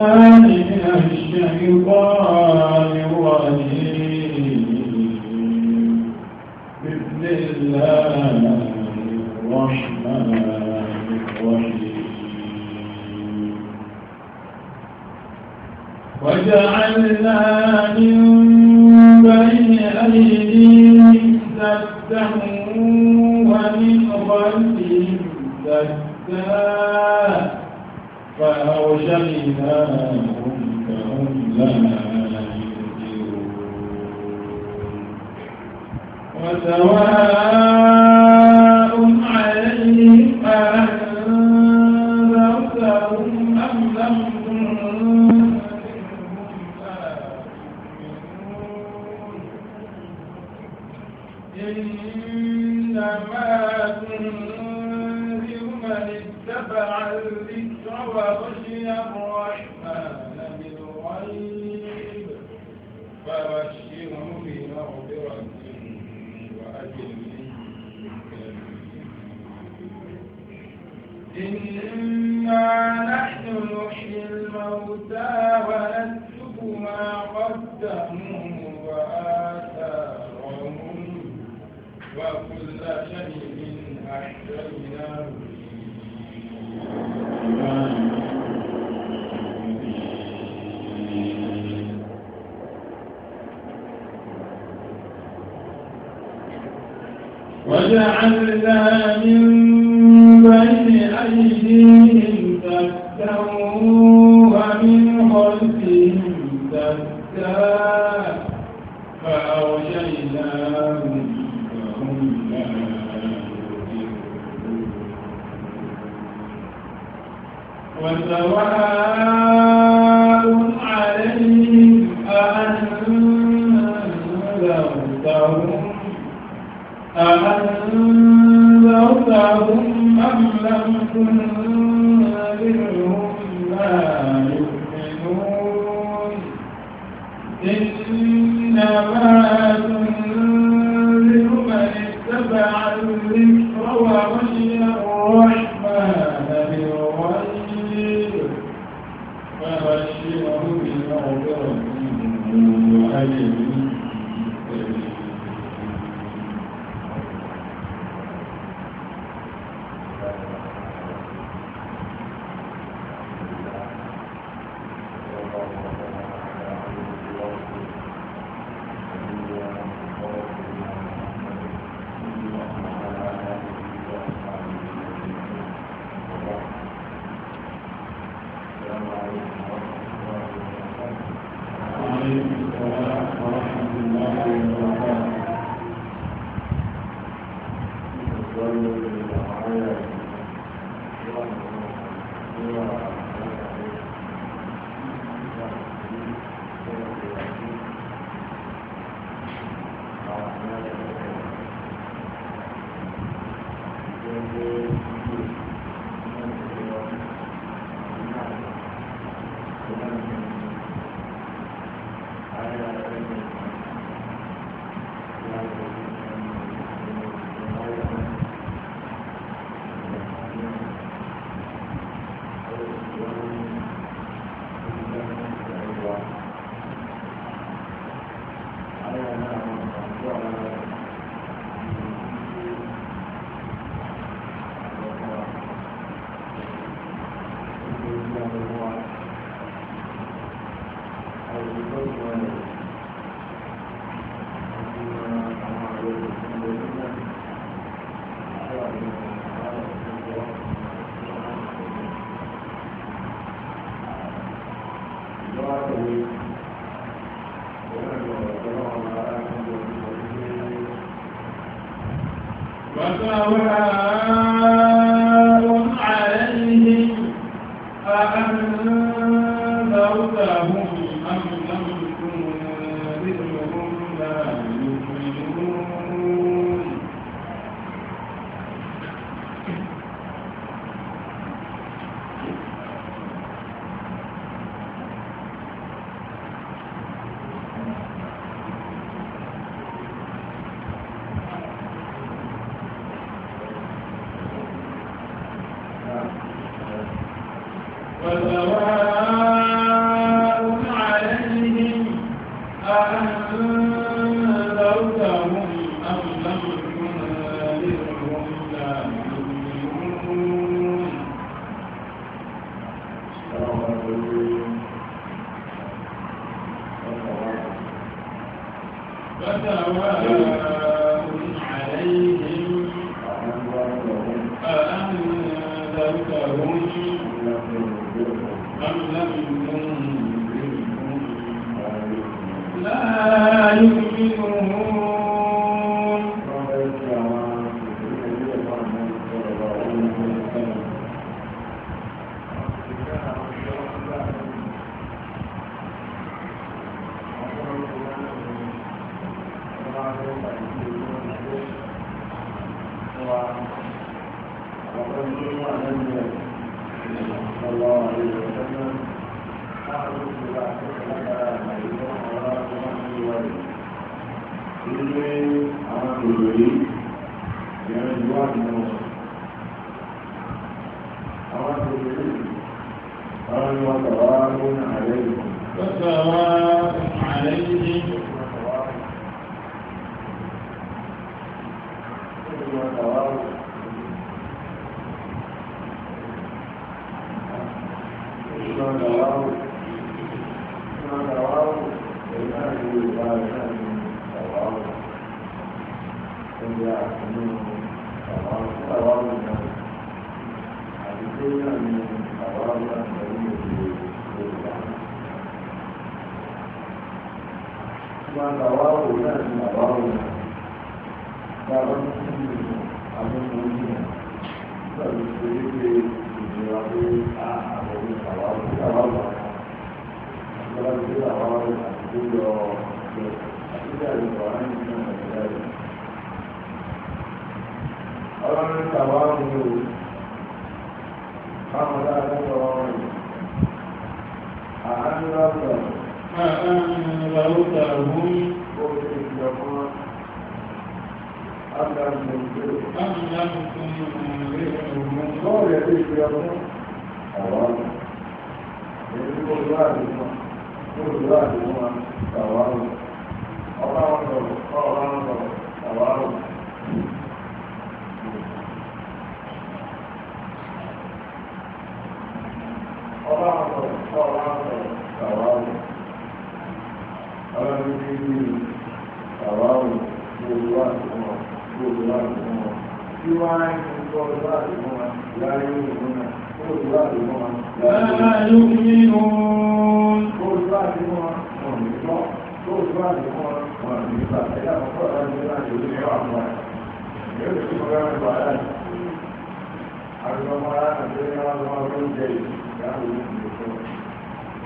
من الشيطان الرجيم بسم وجعلنا من بين أيديهم سدا ومن خلفهم سدا فأغشيناهم فهم لا يبصرون وسواء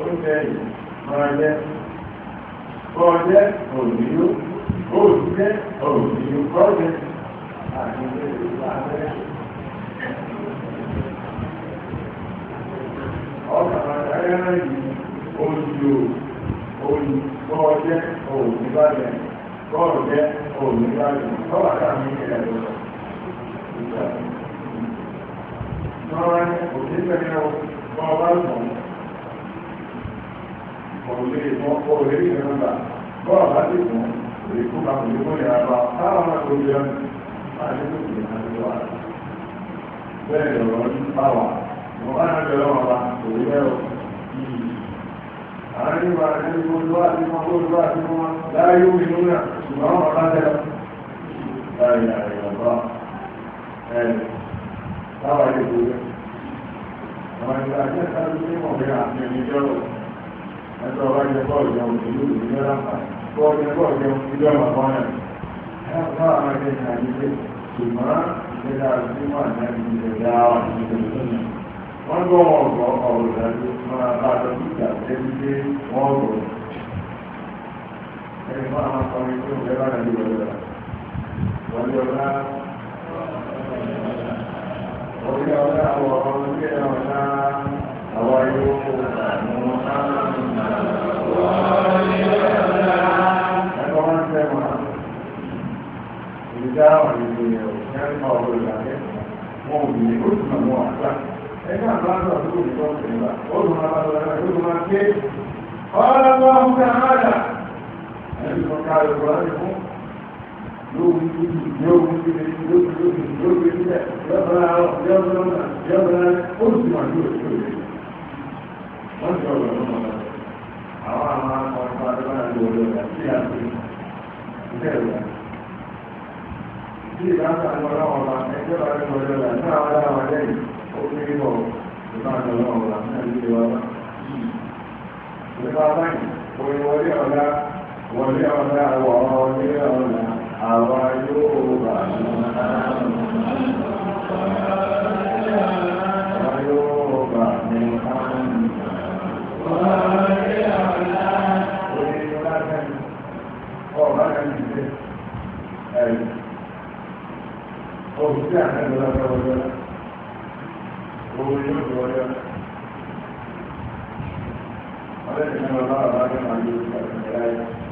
oúnjẹ yìí máa jẹ́ ọjẹ́ òníyó oúnjẹ òníyó kọ́jẹ́ àti ilé ìlú abẹ́ ọkàrà ayẹ́rẹ́ yìí oúnjẹ òní kọ́jẹ́ bọ́ọ̀lù jẹ́ òní láti tọ́wà láàrin ilẹ̀ ìjọba wọ́n wá ní òní pẹ̀lú wọn bá sùn òní wọn kó orí ìrìnàmbà bọ́ọ̀lù bá sì sùn òní kú bá òní kó yàrá bá táwọn máa tó jẹun àti tó kìí láyé omi lónà ṣùgbọ́n àwọn ọ̀rá tẹ́lá láyé àyàbá ẹ̀rẹ̀ láwà lè gbé rẹ̀ àwọn ìgbà jẹ́ sáré ní ọ̀rẹ́ àti ẹni jọ́rọ̀ ẹjọ́ ọba jẹ bọ́ọ̀lù jẹun ìlú ìlú ní ọlọ́pàá bọ́ọ̀lù jẹ bọ́ọ̀lù jẹun ìlú ọlọ́pàá náà ẹ̀rọ náà máa jẹ́ ìrìnàjò ṣùgbọ́n ìṣẹ̀dá àti wà ní ìṣẹ̀dá wà ní ìṣẹ̀dá wọ́n gbọ́ ọ̀rọ̀ ọ̀rọ̀ ìdájọ́ máa bá a lọ sí ìgbà tẹ́lifíṣẹ́ wọ́n rọ̀ ẹni fún àwọn akọrin tó ń bẹ́rẹ̀ ní ọ̀dọ̀ wọlé ọ̀dá orí ọ̀dá àwọ̀ ọ̀rọ̀ sí ẹ̀rọ ọ̀dá àwọn ayé owó àwọn ẹ̀kọ́ máa ń tẹ́wọ̀n ìdá ọ̀rẹ́dẹ̀ ẹ̀rọ ọ̀rọ̀ ìgbàlẹ́ wọn ò ní ó ẹni kan ká ẹ̀rọ láti fún lóògùn lóògùn lóògùn lóògùn lóògùn sílẹ̀ yọ̀bọ̀lá yọ̀bọ̀lá yọ̀bọ̀lá ó sì wà ní òṣèlú rẹ̀ wọ́n ti ọ̀rọ̀ lọ́wọ́ wọn àwọn àmà ọ̀pọ̀ àdúrà ní ọ̀dọ̀ àti àti ìṣẹ́ ìwà tí ìdáta ní ولعنا وراجعنا وعيوبنا وعيوب من Thank you.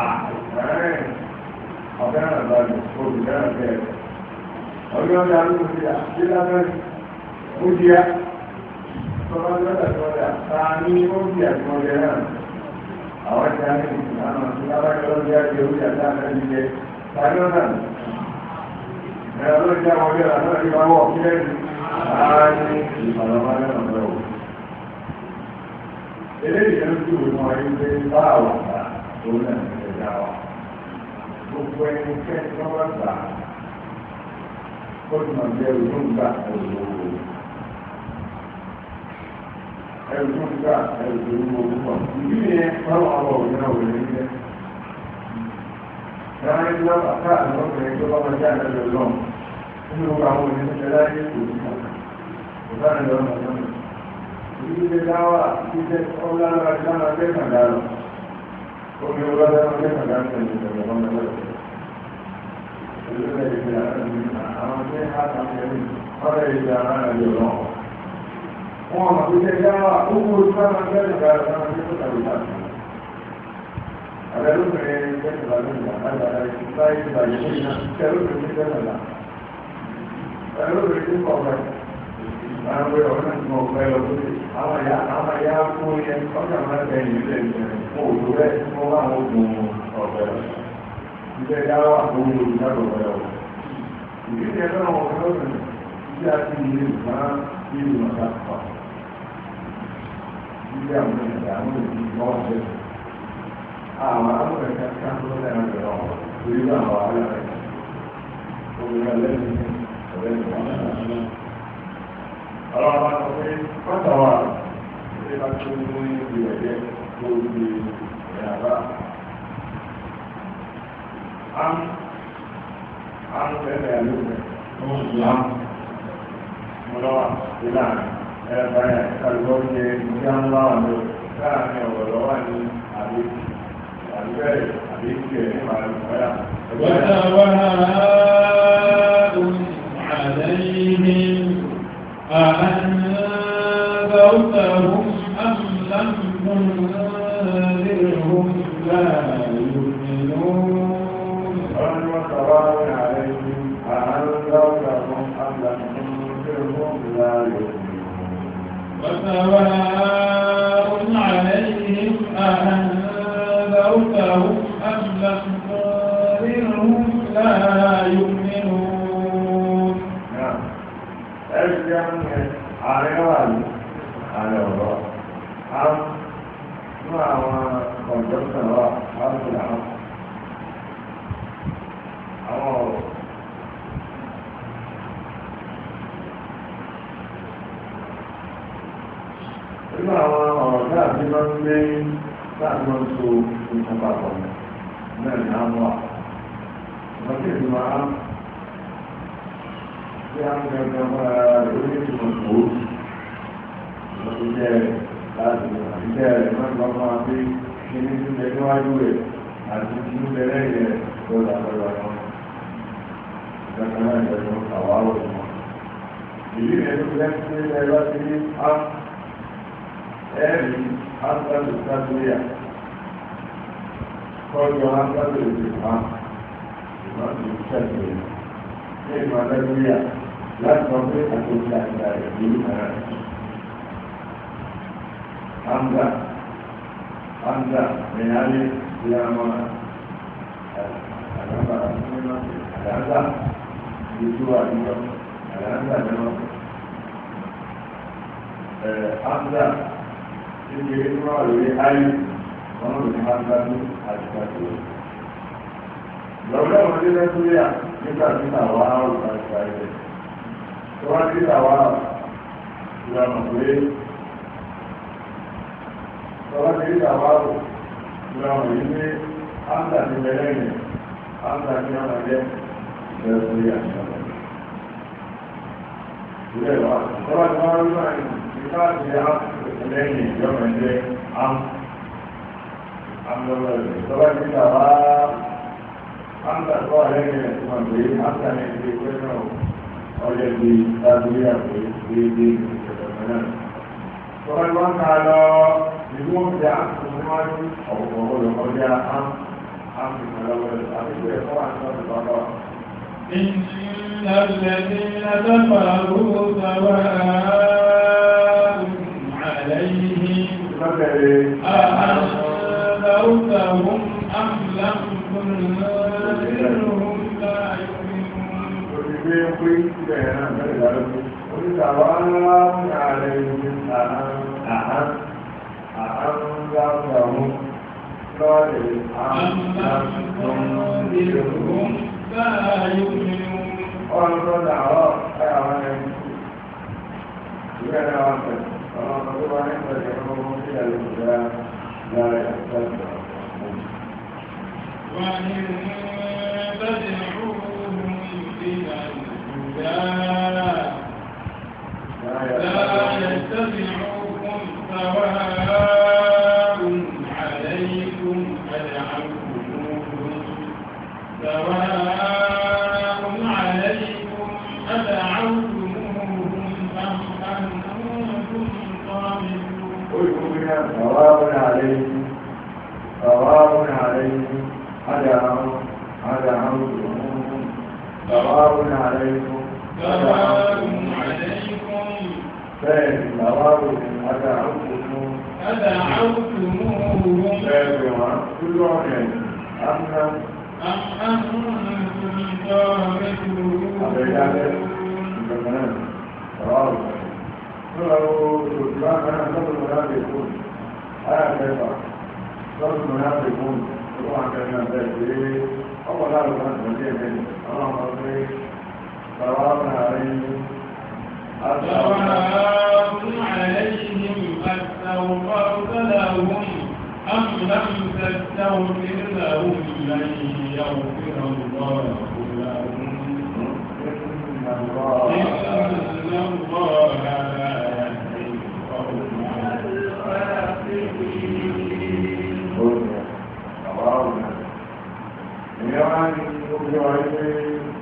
ọ̀gá àgbà olùdá àgbẹ̀ ọ̀gá ọ̀gá olùdá àgbẹ̀ olùdá tọ́lá lọ́dà tọ́lá ta ní olùdá àgbẹ̀ náà àwọn ti á ní ìlànà tí lábájọ́ olùdá àgbẹ̀ olùdá àgbẹ̀ nílé táyọ̀ náà ẹ̀rọ lórí àwọn ọjọ́ àtọ́lá ti máa wọ̀ kílẹ̀ ní ààrẹ ìfàlọ́mọ́ náà lọ́wọ́ eléyìí ló ń tún ìmọ̀ ayé pé bá àwọn àgbà tó náà ẹ̀dá wa gbogbo ẹni tẹ́ lọ́wọ́ gbà ó ti mọ̀ jẹ́ ìlú gbà ẹ̀rù owó ẹ̀rù ìdí yẹn báwọn ọmọ òun náà wọlé ní ẹ̀ láwọn ẹni lọ́wọ́ káàdì lọ́kùnrin tó lọ́wọ́ jẹ́ àlejò lọ́wọ́ nínú àwọn oníṣẹ́ láyé kò ní kò bá ń lọ́wọ́ náà ìdílé dáwà ìdílé ọlọ́wọ́ dáwà lẹ́kàn dáwà. Wọ́n máa fi ṣe dáwà owó sára náà ní ọ̀sán ìgbà àwọn ọ̀rọ̀ náà ti mọ̀ ọ̀pẹ́ lọ pé àwọn ìyá àwọn ìyá fún ẹ ọjà máa ń bẹ̀yìn ilé ìjẹ mo ò lórí ẹ̀ tí wọ́n bá àwọn ogun ọ̀pẹ́ lọ. ìjẹ́ ìyá wà fún mi lórí ìjọba ọ̀pẹ́ lọ. ìdíje náà wọn fẹ́ lọ́sẹ̀ tí a ti ilé ìgbà ìlú ọ̀dà pa. ìdíje àwọn ìyá àwọn ìgbà ọ̀sẹ̀. àwọn àwọn ẹ̀ka káńtó lẹ́yìn ọ̀rọ̀ orí àwọn àlẹ́ rẹ̀. obìnrin alẹ́ àwọn àwọn àwọn pé pátá wà ṣe bá tó ní ibi ẹ̀jẹ̀ di ẹ̀yàbá. a ń a ń tẹ́lẹ̀ ẹ̀lú rẹ̀ tó ń yá mo lọ́wọ́ ìlà ẹ̀rọ báyà kálukọ́ ṣe ìyá ńlá wà lọ láàrin ọ̀rọ̀ lọ́wọ́ ní àbí àbí أأنذرتهم أم لم تنذرهم لا يؤمنون عليهم أأنذرتهم أم لم تنذرهم لا يؤمنون ààrẹ wà ní ààrẹ ọ̀rọ̀ nínú àwọn kọ̀ǹtẹ́sì wà láti àwọn àwọn ọ̀rọ̀. nínú àwọn ọ̀rọ̀ náà tí wọ́n ń gbé láti wọ́n so nǹkan papọ̀ náà ní àwọn ọ̀rọ̀ tí èdè máa ń tí a ń gbẹ̀gbẹ̀ mọ́ra lórí ìtumọ̀ tó lọ́dún jẹ́ rẹ̀ láti ìjẹ́ rẹ̀ mọ́ra bá máa fi kí ní tún jẹ níwájú rẹ̀ àti tí ó bẹ̀rẹ̀ yẹ tó lágbàgbà wọn. Ìjọba náà jẹ́ tó àwárò wọn. Ìlú rẹ̀ ló fẹ́ sí ẹ̀rọ sí ẹ̀rí Áfíríkà Sábúríà. Kọ́jọ Áfíríkà Sábúríà. Ìmọ̀ ìṣẹ́gun. Ní ìmọ̀ Sábúríà láti sọ pé àtòjì àti àrẹ yìí ara rẹ̀. Hamza Hamza Benali Yama Alaba Alaza Yusuwa Yiyọ Alaza Yama Hamza Kékeré tí wọ́n lórí ayé wọ́n lórí Hamza ní àtìkàtò. Lọ́gbẹ́ wọn dé nígbà tí àwọn ará àti àìsàn tí wọ́n ti tàwa ìlànà pé tí wọ́n ti tàwa ìlànà yìí pé áńtà ti bẹ̀rẹ̀ yẹn áńtà ti máa jẹ́ ìbẹ̀rẹ̀ sórí àṣàlẹ̀. Ìbẹ̀rẹ̀ wa, tọ́lá ti máa ń rí báyìí, ìfáàtì áńtà lẹ́yìn ìjọba jẹ́ áńtà. Tọ́lá ti tàwa áńtà tó wà lẹ́yìn ẹ̀ ọjọ́ bí tábílíà pé déédé ìṣẹ̀lẹ̀ náà. إن الذين كفروا سواء عليهم أأنذرتهم أم ilé pé ibẹ̀ náà mẹ́rin lálọ́gbé ń bẹ́ẹ̀ لا لا يتبعكم سواء عليكم أدعوكم سواء عليكم أدعوتموهم أم أنتم قاملون سواء عليكم سواء عليكم أدعوتموهم سواء عليكم Bẹ́ẹ̀ ni bàbá rò ní Adá Áwùtùmú. Adá Áwùtùmú òun. Bẹ́ẹ̀ ni wọ́n kú lọ́rẹ̀ Amúná. Amúná ti ń tọ́ mẹ́tò òun. Àbẹ̀yá bẹ́ẹ̀ ìgbẹ̀mọ̀ náà bàbá rò. Lọ́la ó lòdì bá náà سواء عليهم سواء عليهم أستغفرت لهم أم لم تستغفر لهم لن يغفر الله لهم إن الله لا يهدي القوم الفاسقين.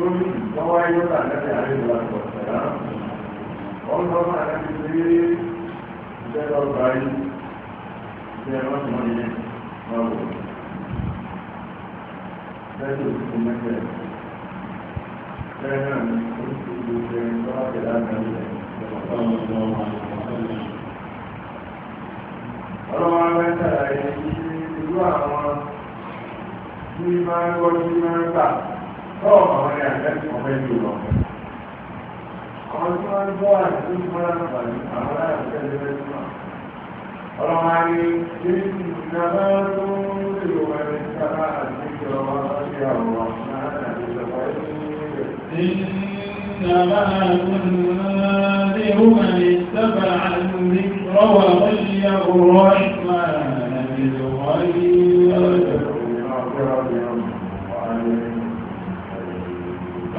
lórí lọ́wọ́ ayọ́ta àti àríwá ọ̀sẹ̀rá ọlọ́mọ àti pé ìjẹ́lọ ọgbà yìí jẹ́ ọjọ́ ilé lọ́wọ́ lẹ́tọ̀ òkú mẹ́fẹ́ lẹ́yìn àmì oṣù gbogbo ẹni tó wà pẹ̀lú àgbàlẹ̀ ọlọ́mọ mẹ́ta àyè irú àwọn tí máa ń gbọ́ tí máa ń gbà tọ́ọ̀kọ̀ wọn ni àjẹ́sì ọ̀fẹ́ jù lọ. Àwọn tí wọ́n ń bọ́ àti tó ń bọ́ látàrí àwọn aláàbẹ̀ lẹ́lẹ́ tó wà. Ọlọ́run á ní Jésù ìjọba tó ń lè wọ ẹni sábà àti ìjọba lọ́sí àwọn ọ̀sán àti ìjọba إنما تنذر من اتبع الذكر وخشي الرحمن بالغيب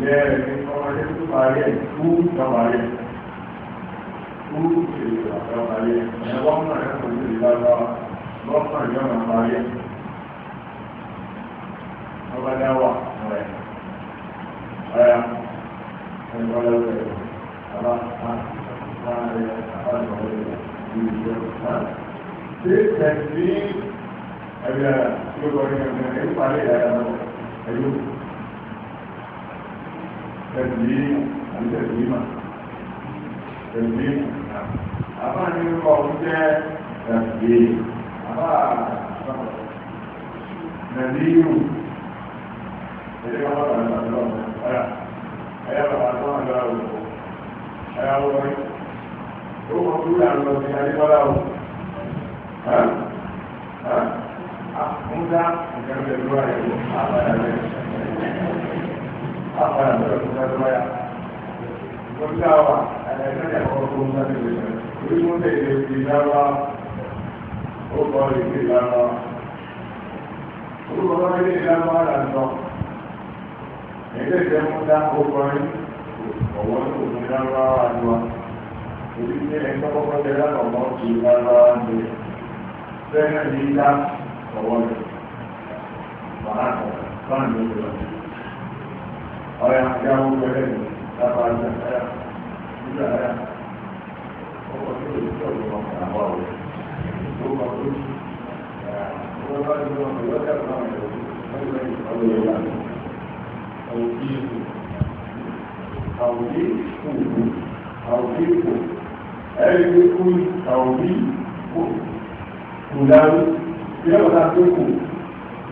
lẹ́ẹ̀rẹ́ ọmọdé tó parí ẹ̀ kú lọ́parí ẹ̀ kú ìrìnàjò parí ẹ̀ ẹ̀ wọ́n mọ̀ ẹ̀ kò ní ìlànà lọ́pọ̀ ìyọ́nà parí ẹ̀ ọba dáwà ọ̀rẹ́ ọ̀rẹ́ ẹ̀gbọ́lẹ́wẹ̀ àbá àbáyẹ àbájọ̀wẹ̀ ìrìnàjò parí ṣé tẹ̀sílímù àti tẹ̀sílímà tẹ̀sílímù àbá ní orúkọ ọ̀hún jẹ́ tẹ̀sílímù àbá tẹ̀sílímù ẹ̀dẹ́ wọn bá bàbá lọ́wọ́ ọ̀yà ẹ̀yà bàbá tó wọn lọ́wọ́ ọ̀wọ́ ẹ̀yà wọ́n rí ó wọ́n kúrò àwọn ọ̀sìn adébọ́lá o àkúndá nǹkan tẹ̀lé wáyé àbáyé rẹ̀. Orúkọ ìgbé ìlànà orúkọ lọ́wọ́ ilé ìlànà àlànà ẹgbẹ́ ìjẹ́ mú dá orúkọ rí ọ̀wọ́ ní òun ìlànà àjọ èyí ní ẹgbẹ́ kọ́kọ́ jẹ́ láti ọmọ ti ìlànà àjọ fẹ́rẹ̀ ní ìlà ọ̀wọ́ rẹ̀ wàhálà báńdì ìlànà ọ̀rẹ́ àti àwọn ọ̀rẹ́ mi lápá ní àyà nígbà àyà ọkọ̀ tó lè tó ọ̀rọ̀ àwọn ọ̀rẹ́ tó kọ̀ tó jù ọ̀rọ̀ bá ní wọn pẹ̀lú ọjà tó náà yẹ̀wò lọ́jọ́ lẹ́yìn ọ̀rọ̀ yẹn wà ní àwòkí ìkù àwòkí ìkù àwòkí ìkù ẹ̀rí pé kú àwòkí ìkù kù dáru bí ọ̀rọ̀ náà tó kù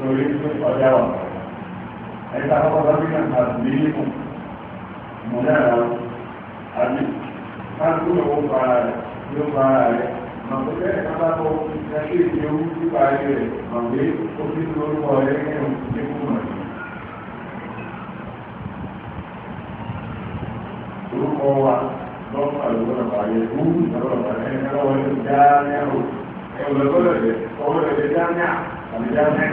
lórí ọjà wà ẹ̀ka ọkọ̀ lọ́gbìnà àdìmílìkù mọ̀lára àdì káàkiri owó para rẹ̀ ló para rẹ̀ màkútẹ́ àbábọ̀ ìdájọ́ ìdí owó pípa ayé rẹ̀ màgbé ó fi ń lórúkọ rẹ̀ ní ìkú mọ̀ orúkọ wa lọ́pàá lọ́pàá pàdé fún ìdọ́lọ́pàá ẹni lọ́wọ́ ní dáná ẹ̀rọ ẹ̀rọ lọ́wọ́ lọ́wọ́ lọ́wọ́ dáná àmì dáná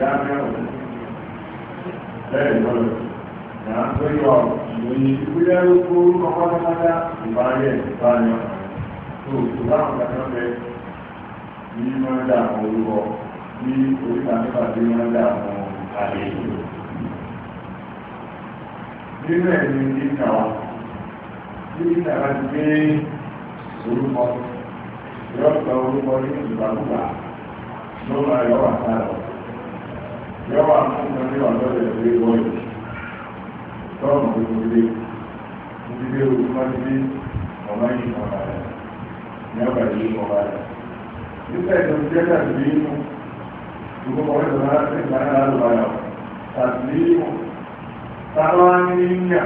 dáadáa lẹ́yìn lọ́rọ̀ náà tó yọ ìròyìn ìpínlẹ̀ orúkọ orúkọ pátápátá ìbáyẹ̀ ìbáyọ̀ tó tó láwọn kankan bẹ ní máa dá àwọn orúkọ ní oríta nípa tí máa dá àwọn àlejò nínú ẹ̀ ní kíkà wa kíkà wa ti gbé orúkọ yọ̀ọ̀tọ̀ orúkọ ní ìgbàlúgbà ló máa yọ̀ wà sára wọn yọ́wà fún ní ọ̀dọ́ ìrẹ̀lẹ̀ bọ́ọ̀lù tọ́ọ̀mù tó kò dé ìdílé olùmọ́dé ọ̀mọ́ yìí ọ̀rọ̀ rẹ̀ ní ọ̀gbà yìí ọ̀rọ̀ rẹ̀ nígbà ìtọ́jú jẹ́ tàbí inú ṣùgbọ́n ọ̀rẹ́ tó máa ń gbà náà lọ́wọ́ tàbí inú táwa ní yíyà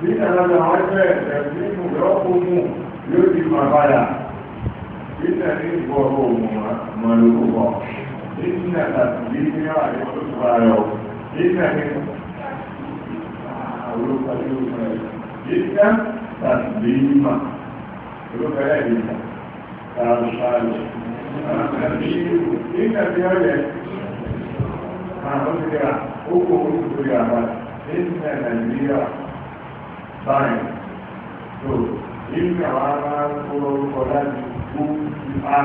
ní ìtàlájà wọn jẹ́ tàbí inú lọ́pọ̀ mú yóò di màbáyà ìtàlẹ́ ìbọ̀rọ̀ òmùmá màlúkú bọ̀ ìsìnà tàbí ní ààrẹ tó tó ààrẹ ọ̀ ìsìnà ní àwòrán àti òkúta ìsìnà tàbí mà olókè ẹ̀dínà tààrù sáré àti ìsìnà tí ó yẹ àwọn òṣìṣẹ́ òkú òkú tó yà bá ìsìnà nàìjíríà báyìí tó ìsìnà wà máa ń kó orúkọ láti kú sí á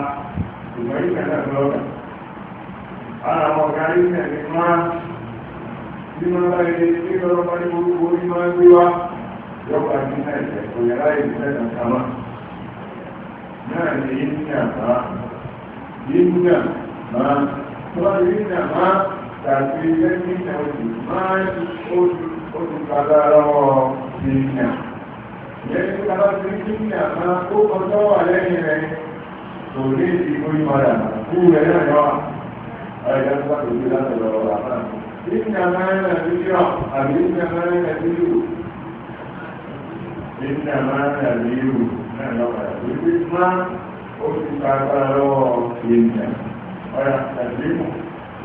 ìgbà náà lọ́dọ̀ ara àwọn ọ̀gá ilẹ̀ ní máa bí wọ́n bá ilé tí lọ́rọ̀ bá ní orúkọ orí máa gbé wá yọba ní ẹ̀jẹ̀ kò yẹ láyé ìfẹ́ nàkàmá náà ní yíyà máa yíyà máa tó bá yíyà máa tàbí lẹ́yìn ìyà oṣù máa oṣù oṣù padà lọ́wọ́ yíyà lẹ́yìn tí a bá ti yíyà máa ẹ̀yà tó bá tó gbé láti lọ rà náà. Ìgbà máa ń rìn sí ọ̀ àbí ìgbà máa ń rìn sí ìlú. Ìgbà máa ń rìn sí ìlú náà lọ́pàá. Ìgbà máa ó ti ta agbára lọ́wọ́ ènìyàn. Ọ̀yà àdéhùn.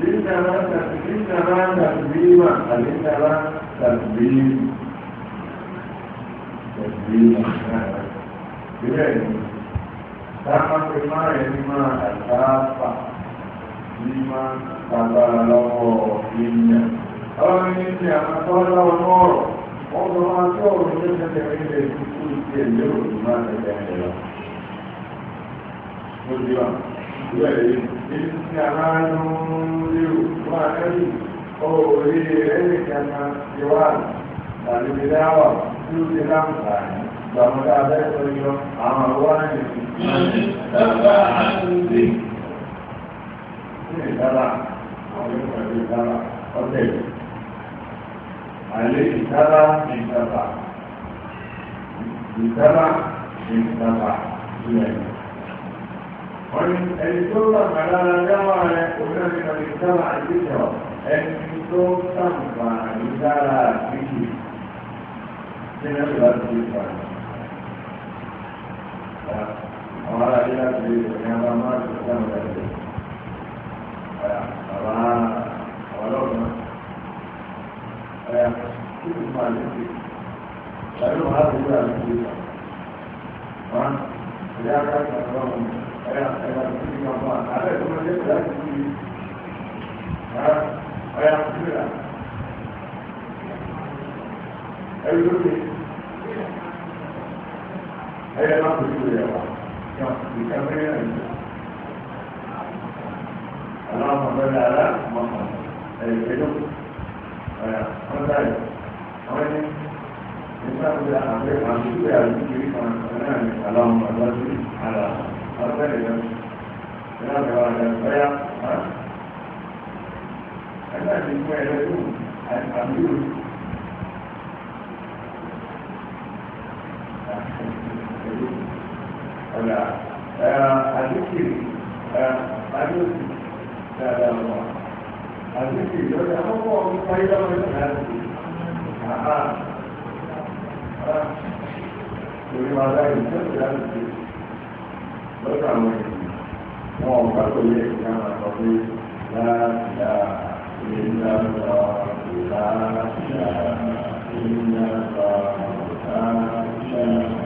Ìgbà máa ń tàbí ìmọ̀ àbí ìgbà máa ń tàbí ìmọ̀ náà. Ìbẹ̀rẹ̀ ni, táwọn pè máa rẹ̀ ní máa àtàrà pàtàkì mímá tàbára lọ́wọ́ ènìyàn ọlọ́run ní ti àwọn tó lọ́wọ́ mọ́ọ̀rọ̀ wọ́n tó máa tó ọ̀rọ̀ ní tẹ́tẹ́ ilẹ̀ ìdíkú ìdí ẹ̀yẹ òní máa tẹ̀lé ẹ̀yẹ lọ. ó di wa ìwé yìí ní ti aláàánú léwu wà lẹ́yìn orí ẹ̀yẹ kankan ti wà tàbí ti dáwà tí ó ti láǹfààní gbàmọ́dá abẹ́rẹ́ tó yọ àwọn àwọn àyẹ̀wò ọ̀sẹ̀ ìdára àwọn ìpàdé ìdára ọ̀sẹ̀ àìlè ìdára ìdára ìdára ìdára ìlẹ̀ wọ́n ẹni tó tàbí lára dáwà rẹ̀ olóòrìnà ìdára àìdíjọ ẹni tó tàbí ìdára àìdíjì nínú ìlà tó ti pa àwọn ará ilé àti ìròyìn àwọn amáàlú sáwọn ẹgbẹ́ àwa ọlọ́run kí ni mo àlè ṣe ṣàlẹ́ wọn láti wúlò àlè ṣe ṣe wá ìdí akáàkiri ọlọ́run ẹ̀yà ẹ̀yà tó ti máa bọ̀ àlẹ́ tó máa jẹ́ ìdá tó ti ọ̀yà kúrò ẹ̀yà lóde ẹ̀yà máa kúrò ẹ̀yà wá ìkàwé ẹ̀yà. اللهم صل على محمد الكلم ويعطيك ومن يسمع بالأخير عن شكري على ذكر كمان اللهم صل على أرسل السلام على البيع الناس يسمع يدعون الحميد ولا الذكر الذكر cái gì đó dáadáa wọn àti kì í lọ́jà àkọ́kọ́ ọdún táyé lọ́wọ́ ìgbà láti àhá lórí wa láyé ìjọba láti là àwọn ènìyàn wọn ò bá tó yẹ kí a máa sọ pé láàbíà ìlà lọ ìlà ìlà ìlà lọ ìlà ìlà.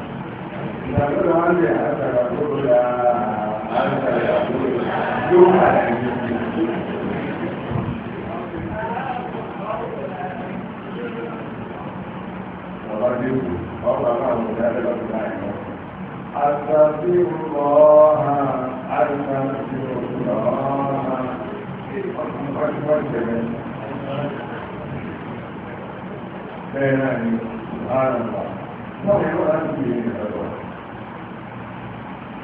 أستغفر الله أستغفر الله بين سبحان الله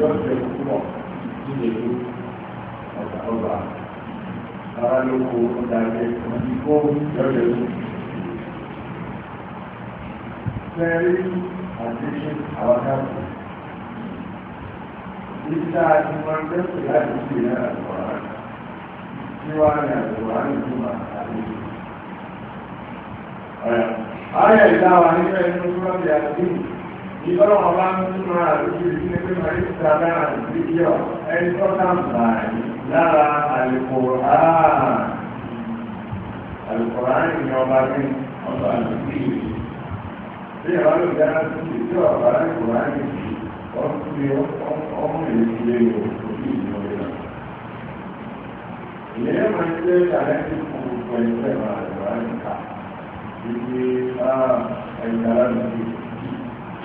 yóò fẹ́ púpọ̀ nílé ìlú ọ̀gá ọba ara ló kó ọjà jẹ ọdún kó yọjọ ìlú. Fẹ́rí àti àwọn káàkiri. Nígbà tí wọ́n tẹ́sí láti ṣe ìlànà àgbọ̀rá, tí wọ́n á rìn àgbọ̀rá ní ìjọba àdéhùn. Ọ̀yà, ààyè ìdáwà nígbà inú fúlọ́ọ̀dì àdéhùn ìbọ̀rọ̀ ọba ń túnmọ̀ àlùkù ìdílé pé màrí sàdá fídíò ẹni tó sàǹfààní lára Al-Qur'an Al-Qur'an ni ọba ní ọba àlùkù ìlú bí ọba ló dá sí ìdí ọba Al-Qur'an ní ọtí ọmọ ìlú ilé òkú ìlú ìlú ilé ẹ̀mọ́ ilé ìdáná ti fún gbogbo ẹgbẹ́ ìmọ̀ Al-Qur'an ká ibi ẹ̀yìn alábìsí.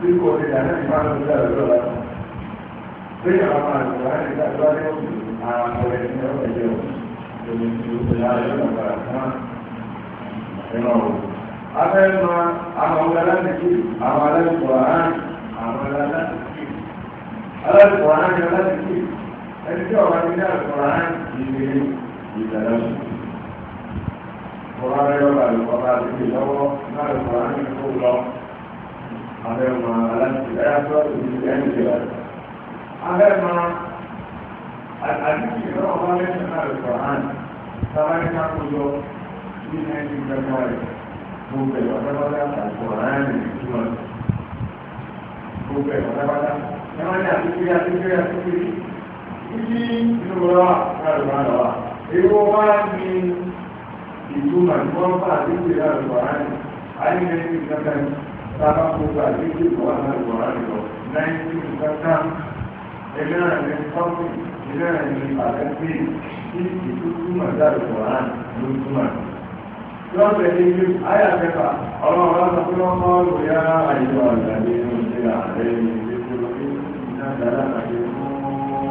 bí kò ti dà náà ìbára tó dára lọ́wọ́ la pé àwọn máa lò wá ní ìgbà tó wá ní òkú àwọn ọmọ ẹni ní ọmọ ẹ̀jẹ̀ o èmi ti o ti lára yóò nàgbà náà ẹ̀rọ o. afẹ́ ma àwọn ọmọ aláǹdíkì àwọn aláǹdíkì ọ̀hán àwọn aláǹdíkì aláǹdíkì ọ̀hán ni aláǹdíkì ẹni tí ọ̀hán ni aláǹdíkì ọ̀hán ìgbé ìdàlọ́sùn. ọ̀hán rẹ̀ yọ̀ abẹ́mọ aláṣẹ ẹ̀yàtọ̀ ìdílé ẹ̀yìn ìjọba abẹ́mọ àdìsí náà wọ́n lẹ́sẹ̀ náà lè sọ̀rọ̀ hàn sábàáyé ká kó lọ ní ẹ̀yìn ìjọba rẹ̀ gbogbo ẹ̀ pátápátá àìsọ̀rọ̀ hàn ní ìtumọ̀ gbogbo ẹ̀ pátápátá ẹ̀ máa ní àtúkiri àtúkiri àtúkiri títí inú wa lálùbá lọ wa èwo wá ní ìtumọ̀ ìfọ́nfà àdìsí náà lè sọ̀rọ̀ hàn àyìn sábà gbogbo àdéhùn ìwọ àgbàgbọ́ àjọ náírà ìgbàgbà ẹlẹ́rìn ní kọ́pì ẹlẹ́rìn ní pàtẹ́kì tí ìtú túmọ̀ dáre kọ̀ọ̀rán ló túmọ̀. lọ́sẹ̀ ní ibi ayà kẹfà ọlọ́run láti fún wọn kọ́ lóyá àyíká ọ̀gbàdé ní ti ààrẹ ní ibi tó lọ sí ìdájọ́ àti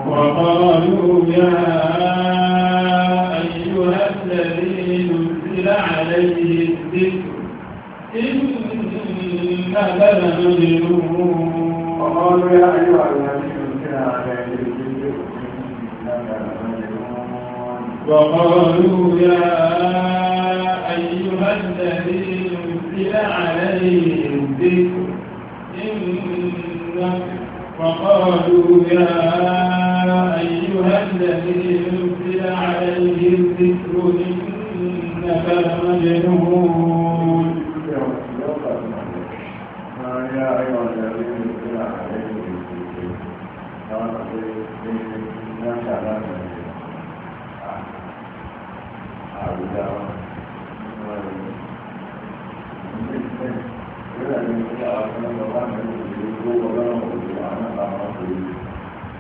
وقالوا يا أيها الذي وقالوا يا أيها الذين إنك لمجنون وقالوا يا أيها الذي أنزل عليه الذكر إنك وقالوا يا أيها الذي أنزل عليه الذكر إنك لمجنون pé ní náṣà láti rẹ̀ àrùdá wọn nígbà tí wọ́n yà wọ́n fún ọmọ wọn ní ìlú tó wọ́n lọ́wọ́ òde àwọn àwọn òde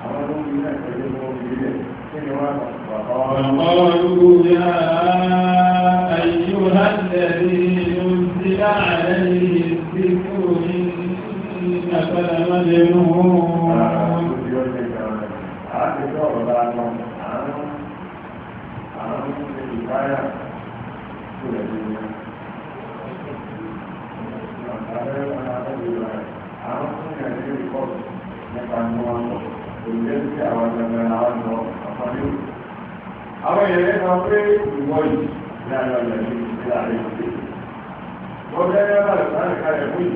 àwọn tó ń bí náà tẹ̀lé wọn fi lẹ̀ kí ni wọ́n bàbá wọn. bàbá olùkọ́ yà á ayé wọn lẹ́rí ló ń ti láàárín ìdíkù ní ìgbàgbọ́dọ̀ lọ́dẹ̀ẹ́nu wọn ní ọ̀rọ̀ bá lọ àrùn àrùn ìṣẹ̀lẹ̀ ìbáyà tó lẹ̀ lé wọn. Àgbàdo wọn àtẹ̀lé wọn àrùn tó lẹ̀ lé rìpọ́ọ̀tù nípa ní wọn lọ. Òjò ti àwọn ọ̀gbẹ̀rẹ̀ àwọn lọ àpọ̀lé. Àwọn èèyàn kan pé ìwọ yìí ní àwọn ọ̀gbẹ̀rẹ̀ yìí ti láàrin ìdílé. Wọ́n bẹ́ẹ̀ ní ọ̀gbẹ̀rẹ̀ kan kalẹ̀ fún yìí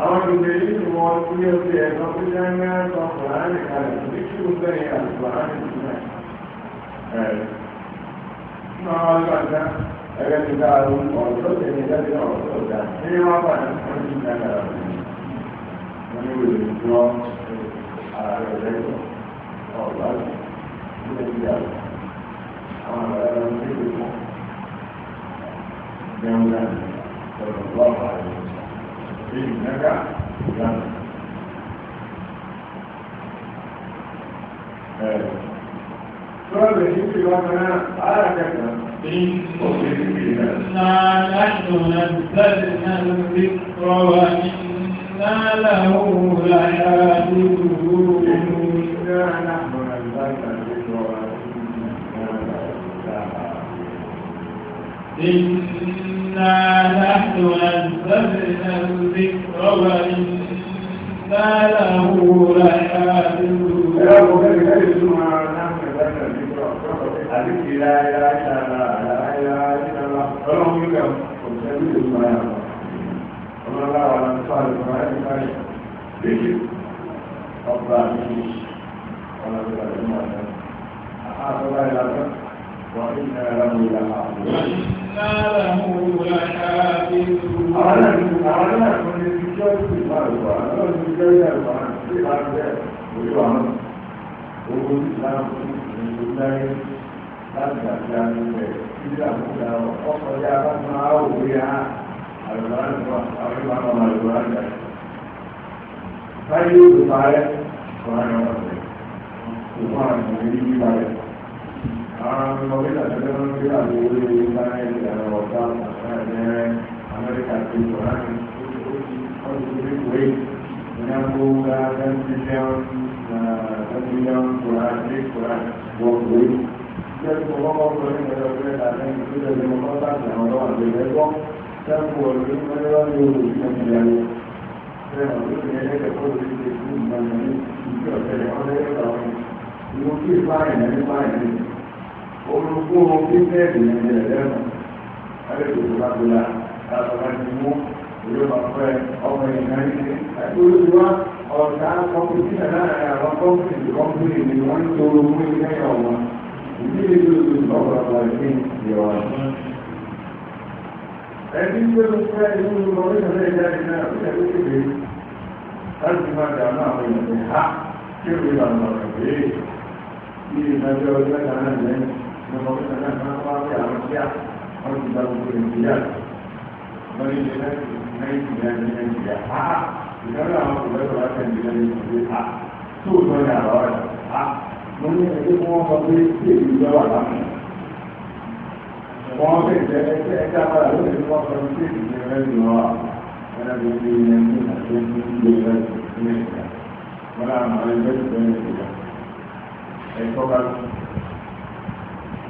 àwọn ìgbè yìí wọ́n tí ó ti ẹ̀kọ́ tó já ń gán sọ fòránì kalẹ̀ ní kí ó bẹ̀rẹ̀ àlùfòránì sílẹ̀ ẹ̀rẹ̀ náà wọ́n lọ sí ẹgbẹ́ ti dá àrùn ọ̀rọ̀ tó tẹ̀lé jáde ọ̀rọ̀ tó dá ní wọ́n bá ní wọ́n ti dá dára wọ́n ní wòlé ìjọ ààrẹ lẹ́yìn ọ̀rọ̀ إنك لن سؤال الذكر وأنا آية إنا نحن نزلنا الذكر وإنا له لحافظون إنا نحن نزلنا الذكر وإنا له لحافظون إنا نحن نزلنا الذكر وإنا له لحافظون Àdìsí láyé láyé lára láyé láyé lára ọlọ́run nígbà kò sẹ́yìn lè máa yàtọ̀. Ọlọ́láwà ń fà lè máa yẹ káyọ̀. Bíbí ọba àti ọlọ́run nígbà tó máa yàtọ̀. Àhà àtọ́lá ìlànà. وإنا له لحافظون أولا أولا كنت في الشوق في الفارقة أولا في الجوية القرآن في الفارقة ويقول عمر وقل إسلام من الله láti àti àtúnṣe títí àkókò àwọn ọkọjá abáfún àwò bí a àlùbáríwá àríwá ọmọ àlùbárá jà. báyìí ó ti parẹ́ kọ́ra ní ọ̀sẹ̀ àwọn ọmọ mílíọ̀nù tó ń fi àlè orí ìntánẹ́ẹ̀tì àwọn ọ̀gá ọ̀sán amẹ́ríkà ti sọ láti ọdún tó wé ìyá kó ká ten million ten million kura ní kura wọ́n wé. Ìjọba ìfowópamọ́ ọkọ̀ ní ìjọba ìfẹ́ ìlànà ìgbésẹ̀ ìfowópamọ́ bá ti àwọn ọlọ́wà lè lẹ́gbọ́n. Sẹ́kù ọ̀dún mẹ́rin wá ní oṣù tí wọ́n ti yà lọ. Sẹ́kù ọ̀dún mẹ́rin lẹ́gbẹ̀ẹ́ kó lè ṣe fún ìgbàlódé ìjọba ìfẹ́ ìlànà ìgbésẹ̀ ìfowópamọ́. Ìwọ́n kí ìfáàyàn ní ìfáàyàn ní olùkó bísíǹsì yẹn lè lẹ́nu alẹ́kùnrin bá gbé la láti wá ti mú ìlú bá fẹ́ ọmọ yìí náà yìí àti olùdíwá ọ̀tá kọ́mpútì náà láàrin àwọn kọ́mpútì kọ́mpútì ni wọ́n ń tó olùkó yìí lẹ́yìn ọ̀wọ́ ìdí ìlú ìlú ọ̀pọ̀ ọ̀pọ̀ ìdí ìyẹ̀wò ẹni tó ń fẹ́ inú ọmọ ìlú ìjáde náà ó yẹ kó kéde láti máa dààmú àwọn ènìyàn ha kí ó وقوله لنا ما قاطع رجع أرجو من البلاد بل الناس ليس من البلاد حق لكن أقول لك أن من البلاد حق سوء ولا رأي حق من يجب أن يقضي في الجواب وما في ذلك أكبر من الفقر في الجواب ولا بين من الجواب ولا على البيت بين الجواب أي فقط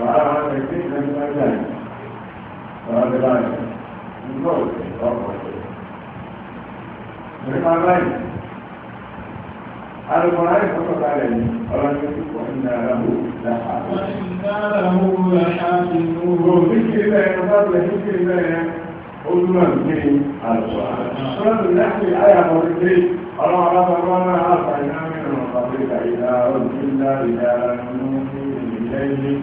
وعلى تكليف من الجنة وهذا لا يمكن نقول لما بين الملائكة فقط عليه ولم يكن وإنا له لحافظون وإنا له لحافظون ذكر الله ينظر لذكر الله أذنا به القرآن سورة النحل الآية مرتين الله غفرنا أربعين من قبلك إذا أرسلنا رجالا نوحي إليهم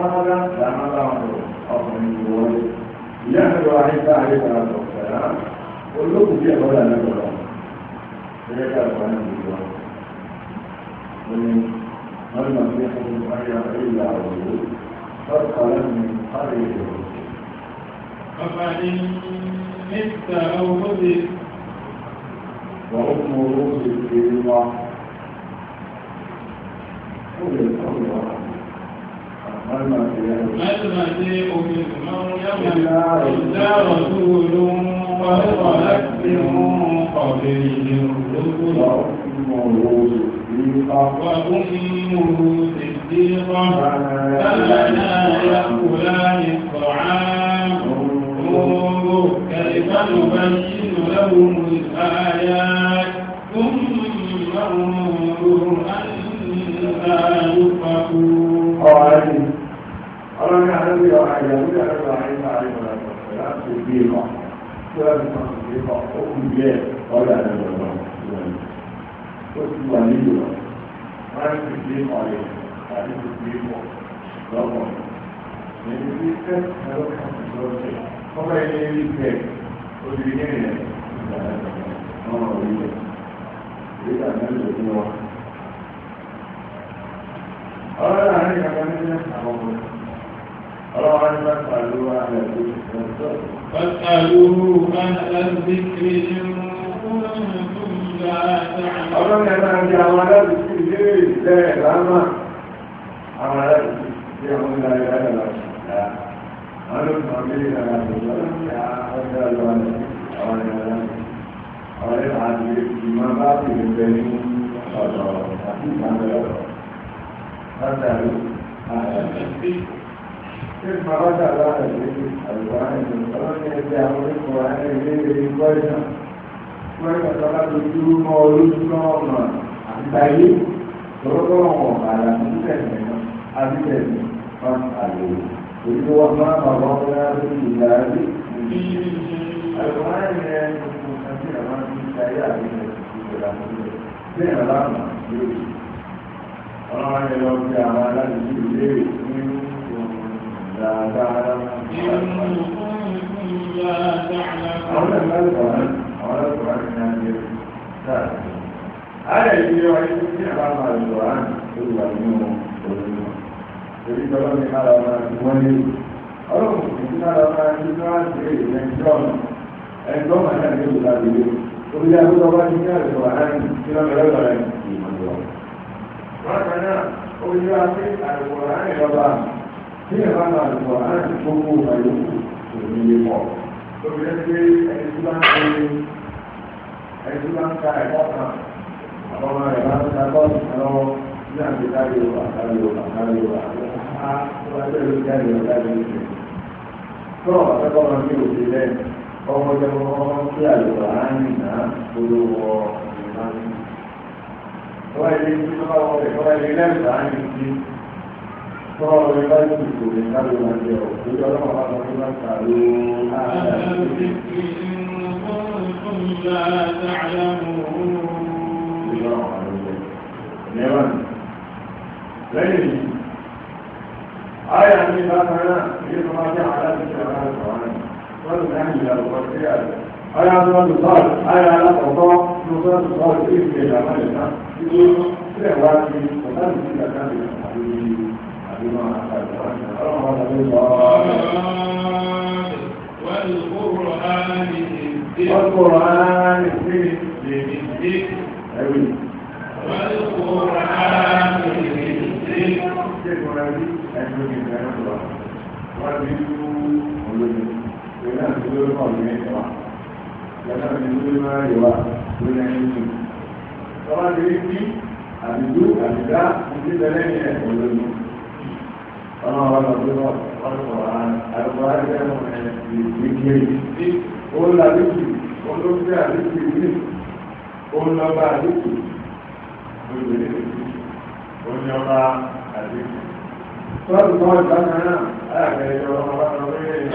قال فأمره أصلا يقول يحضر عيسى عليه الصلاة والسلام كلكم في حول نبره ذلك القرآن يقول ومن هل المسيح ابن مريم إلا رسول قد خلت من قبل الرسل أفإن مت أو قتل وحكم الرسل في الله قل القول المسيح ابن مريم إلا رسول قد خلت من قبله الرسل وأمه صديقة كانا يأكلان الطعام انظر كيف نبين لهم الآيات ثم انظر أنا يؤفكون ọlọ́run ní àdébí ọ̀rọ̀ àyàwó ìyàwó àyíká àyíká láti bí ìmọ̀ tó láti kàn sí ìmọ̀ ó kù díẹ̀ ọ̀rọ̀ àdébí ọ̀rọ̀ ó ti wà nílò lọ láti fi bí ìmọ̀ rẹ̀ àti fi bí ìmọ̀ lọ́pọ̀ èyí tí fẹ́ ẹ̀rọ kan ti lọ sí ọmọ ilé rí bẹ́ẹ̀ obìnrin ní ìrìn ọmọ orílẹ̀ ìgbà mẹ́rin ló wá ọlọ́run àárín ìjọba nílẹ̀ àwọn ọmọ ọlọ́wọ́n ní wọ́n pàlú ààrẹ tó ti sọ tó. pàtàlúhù aláàbíkiri ní ọlọ́run ẹ̀ máa ń di àwọn aláàbíkiri léèrè lẹ́ẹ̀ lámà àwọn aláàbíkiri tí àwọn ìlànà ìlànà láti ṣe dá àwọn olùkọ́ bí ìlànà àti ìlànà ti á ọjọ́ ìlànà àwọn ìlànà àwọn ìlànà àti ìmọ̀ bá ti lè bẹ ní ọ̀dọ̀ àti ìlànà ọ̀dọ̀ látàrí àyàfi. Ìfọwọ́dà lára ìwé àlùbáwá ìlú, ọlọ́dún ẹgbẹ́ àwọn oníkọ̀ọ́ ẹgbẹ́ ìwé ìwé ìkọ́ ìtàn. Wọ́n ń sọ láti dúró mọ́ olójúmọ́ ọ̀nà àtìgbáyé, lọ́wọ́ wọn àlà ń tẹ̀lé àbíkẹ̀lé wọn àlèyé. Èyí wọ́n máa bà wọ́n rárá sí ìdarí. Àlùbáwá ìyẹn tuntun kan sí àwọn àbíkẹ̀lé àbíkẹ̀lé ìgbéra nílẹ̀. Bẹ́ẹ̀ ni aláàmà yóò ọlọ́run ẹ̀rọ ti àwọn aláìsí ìbéèrè nínú Ààrẹ ìdílé wa ní kí a bá máa lò á tó wà nínú òun náà. Torí tọ́lọ́ ní kára máa ti wọ́n ní ìlú. Ọlọ́run kò ní kára máa ti wá sí èyí lẹ́jọ́ ọ̀nà. Ẹgbẹ́ ọmọ náà ní òun láti lé. Orí àgbẹ̀dọ̀ wá ní kára ìwà láti kí lọ́mọ ẹ̀rọ rẹ̀ ìmọ̀ lọ. Bákan náà, ó yẹ wá pé àìwòrán ìjọba tí ẹ bá láti gbogbo ọ̀yọ́ òní lè pọ̀ lórí ẹgbẹ́ ẹni tí bá ń ṣe ẹni tí bá ń ka ẹ̀kọ́ kan àwọn ọmọ rẹ̀ bá ń ka bọ́ọ̀lù kan lọ́wọ́ ní àgbéká yorùbá kárí yorùbá kárí yorùbá á tó bá tẹ̀lé jáde ọ̀gá ní ìlú tó ọ̀gá tẹ́kọ̀ọ́ máa fi òde lẹ́yìn ọmọ jẹ́ ọmọ tí àlùkò láàrin náà polówó ìlànà. Wọ́n ilé tí wọ́n wọlé wọ́n ilé lẹ́yìn láàrin sí Tọ́wọ́ rẹ̀ bá ti kò lè kárí wọn jẹ ọ̀. Ìjọ ọlọ́run bá sọ fún wọn kàrí ààrẹ. Lẹ́yìn آية من بابنا يجب ما جاء على ذكر هذا القرآن ولم يعني إلى الوقت آية عظمة الصالح آية على الأوضاع نصرة الصالح إذن إلى مالنا في الوقت وتنسي لكامل الحبيب والقرآن والقرآن والقرآن Tọ́lá ti rí ìdílé lẹ́yìn ẹ̀kọ́ lónìí ọlọ́run wa lọ bí wọn ọkọ̀ àlùkò àjẹmọ̀ ìgbìgbè yìí òun là lókè olóńgbé àlókè yìí òun lọ́ba àlókè olùdíje òun ni ọba àlókè. Sọ́ọ̀tù kan ọ̀dọ́ kan náà ayàgbẹ́ ìjọ ọmọ bá lọ rí rẹ̀.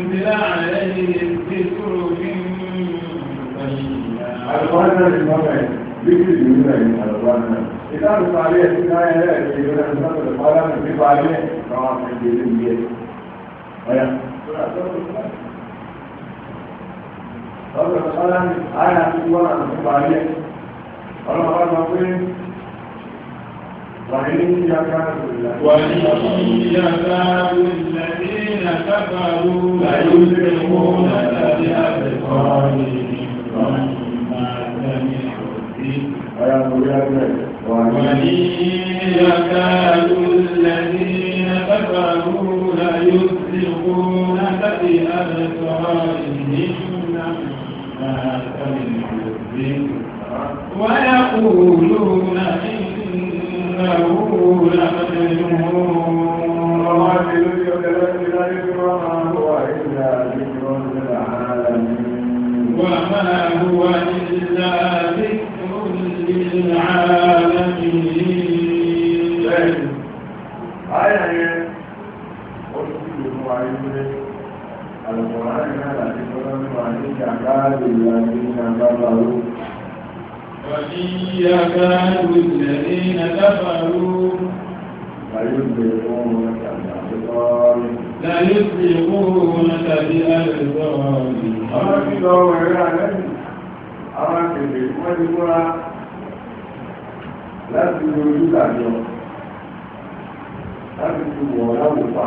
Ìdílé àlẹ́ yìí ti kúrò bí àlùkò àjẹmọ̀ ìgbọ̀ngàn bí kìí ìlú rẹ̀ àlùkò àjẹmọ̀ ìdáhùn sáré ẹ̀ ní náà ẹ̀rẹ́ ẹ̀rẹ́ ìrẹ́ ìrẹ́ ìpàdé àti pípa ilé àwọn àfẹ́jẹ́ ilé ìgbé ọ̀yà. Ọ̀sẹ̀ ìpàdé àyà ti wọ́n àti pípa ilé. Ọlọ́pàá sọ pé وإن يكاد الذين كفروا ليزلقون بأبصارهم لما سمعوا الذكر ومن يكاد الذين كفروا ليزلقونك بأبصارهم لما سمعوا الذكر ويقولون إنه لمجنون وما تلك ذلك وما هو إلا ذكر للعالمين وما هو إلا ذكر القرآن على ذكرهم وإن يكاد الذين كفروا وإن يكاد الذين كفروا ليزلقونك بأبصارهم ليزلقونك بأبصارهم أرسلوا إلى أرسلوا وجهها láti lórí ìlàjọ láti fi wọ̀ ọ́ láwùjọ pa.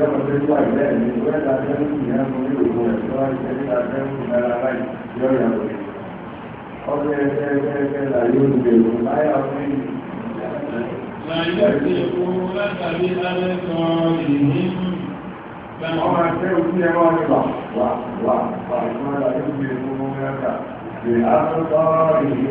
yọ̀bọ̀ tó wà ilẹ̀ mi wọ́n ta sẹ́yìn ìyá mi ní òwò rẹ̀ tó wà ilẹ̀ ta sẹ́yìn ìdára báyìí yọ̀ọ́ yà wọ̀ ọ̀fẹ́ ẹ̀fẹ́ ẹ̀fẹ́ là yóò ń bèrò láyà fún mi. Láyé ti kú látàrí alẹ́ sọ ìní. Ọmọ ẹgbẹ́ òkú ẹ wá ní wà wà wà wà ìfúnra láyé ń bèrò fún ọmọ ẹ̀ka. Bèrè àtúntọ́ ìní.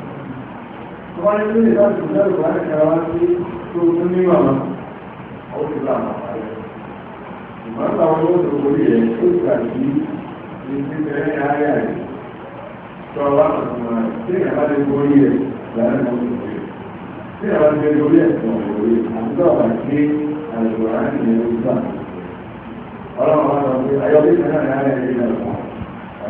wọ́n ní lórí láti fún ẹ̀rọ láti ara wá sí tó tún ní màmá ó ti bá àwọn àyè ìmọ̀ ń báwọn owó tó wọlé ẹ̀ tó gbà sí ní títẹ̀ ní ayé àyè tó wá pàtàkì máa tí ìyá bá lè borí ẹ̀ lára ní oṣù tó yẹ tí ìyá bá lè borí ẹ̀ tó wọlé orí àtúntò àwọn àti ọlọ́run wá sọ pé ayọ́bí kan náà ní ayé àyè náà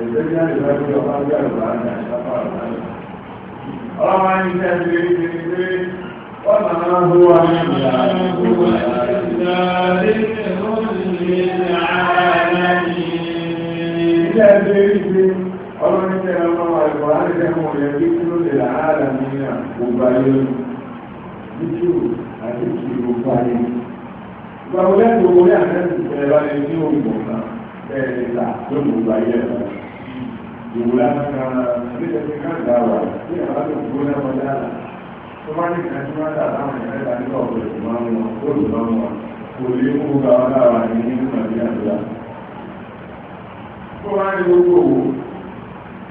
ọlọ́wọ́ ní tẹ́lẹ̀ ní pé wọ́n máa ń wọ́n ní ìgbà Ilé-ẹgbẹ́ ìgbé ọlọ́rin tẹ́ ọmọ àìkọ̀ àríkẹ́mọ̀ rẹ̀ bí kí ló lè láàárà ní àkóbá yóò ní tí ó àti kí ó parí. Gbàmọ́lẹ́gbẹ̀ orí àrẹ́sì tẹ́lá ní ní òmùgbọ̀n náà, ẹ̀ẹ́ta ló mú gbà yẹ́ ẹ̀rọ ìwúlá kan àbíkẹ́sí káàdà wà ní àbájọ ìgbóná kọjá tó bá ní ìkàtí máa dà láwọn ìrẹ́ta nípa ọ̀pọ̀ ìgbìmọ̀ wọn tó lù lọ́wọ́ wọn kò lè mú bá wọn lára ní nínú àbí àdúrà. tó bá ní gbogbo òwò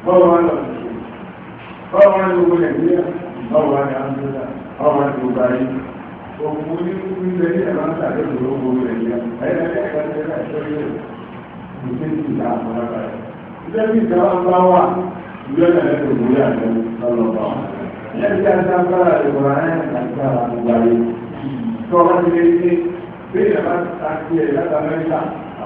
bọ́wọ́ wọn lọ sí bọ́wọ́ wọn ní gbogbo nàìjíríà bọ́wọ́ wọn ní àdúrà bọ́wọ́ wọn ní gbogbo ayé òkú ní gbígbé ní ẹ̀yẹ́ ẹ̀ka ilé bí ìjọba ń bá wà ìlú ẹ̀ka lẹ́nu òwúrọ̀ àjẹwò lọ́lọ́ba ilé bí ìjọba ń bá wà ìwọ̀n ayé àti àwọn àgbà yìí tó ọba ti lé sí bí ìjọba ta sí ẹ̀ láti amẹ́ríkà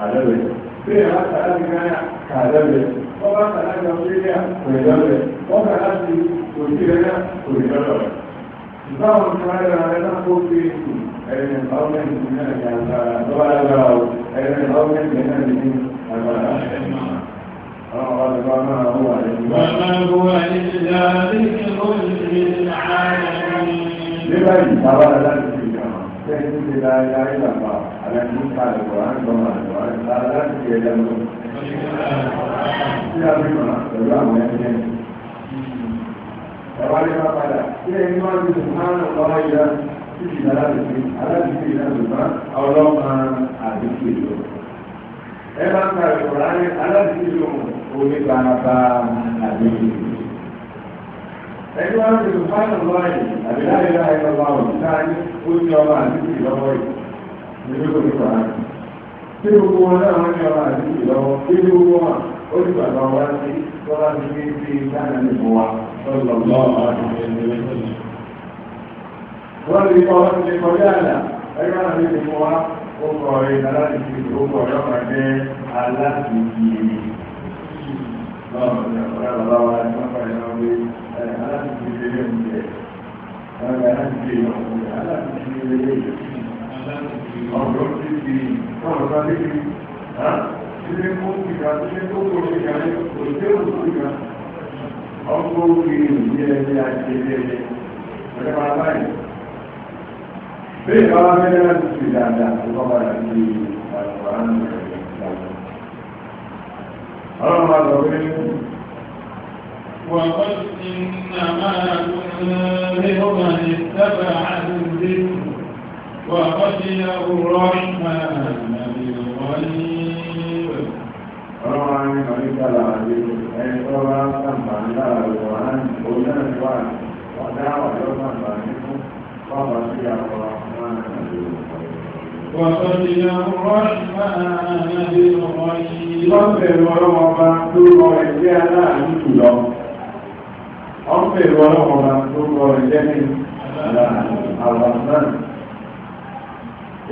àlẹ́wẹ̀ bí ìjọba ta láti ghana àlẹ́wẹ̀ ọba ta láti australia kò lè lọ́wẹ̀ ọba láti òṣìṣẹ́ náà kò lè lọ́wẹ̀ báwọn tí wọ́n yára rẹ̀ náà kó fi ẹ̀rìn ìbáwọ́mẹ́ntì náà ní àgbà lọ́wọ́ وما هو إلا ذكر للعالمين لبعيد طبعا لا تفيد كما لا إله إلا الله على الملك على القرآن وما القرآن لا تفيد إلا الملك يا بما سلام يا بني فبعدين قال إلى إيمان سبحان الله إلى في دلالة على ذكر الله سبحانه أو لو كان على ذكر الله إما كان القرآن على ذكر الله orí baraba àbí ẹni wọn ti tún fáìlì lọ́ọ̀yì àbí láyé láyé lọ́wọ́ àwọn ìsáyé ó ní ọmọ àdúgbò ìlọ́wọ́ yìí nínú kò ní kọ̀ọ̀rọ̀ tí gbogbo wọn náà wọn ní ọmọ àdúgbò ìlọ́wọ́ tí gbogbo wọn ó ti bàbá wa sí tọ́lá ti ní sí dáná nìkan wa lọ́lọ́ lọ́wọ́ wọ́n lè kọ́ ọ́ lè kọjá àlà ẹgbẹ́ náà lè fi náà ọ̀rẹ́ bàbá wa ní wọ́n pàdé náà pé aláàbìsí ilé ilé ń jẹ aláàbìsí ilé ọ̀hún jẹ aláàbìsí di ọ̀rọ̀ bá dé kiri ilé mú ìgbà ilé tó kó ṣe ìgbà ní òṣèlú òṣèlú ìgbà ọkọ̀ òkè ìdílé ẹgbẹ́ àti ilé ẹgbẹ́ ọ̀rẹ́ bá báyìí bẹ́ẹ̀ bá wá mẹ́rin láti fi dáadáa tó bá padà sí àwọn àmì rẹ̀ ọlọ́run bá lọ rí وقد إنما كنهم اتبعوا الذكر وخشيه الرحمن بالغيب Ọlọ́run á ní kọ̀lítàlà àti ẹni tó bá sàmbà ń dára lọ á ní onílẹ̀-ìwà ọ̀dá ọ̀dọ́ sàmbà ní fún bọ́ọ̀bà sí àwọn ọmọ àti ìlú. وقتل الرحمن بالغيب ọ̀pẹ̀lú ọlọ́mọba lórúkọ rẹ̀ jẹ́ aláàánú jùlọ ọ̀pẹ̀lú ọlọ́mọba lórúkọ rẹ̀ jẹ́ ní àlàáfíà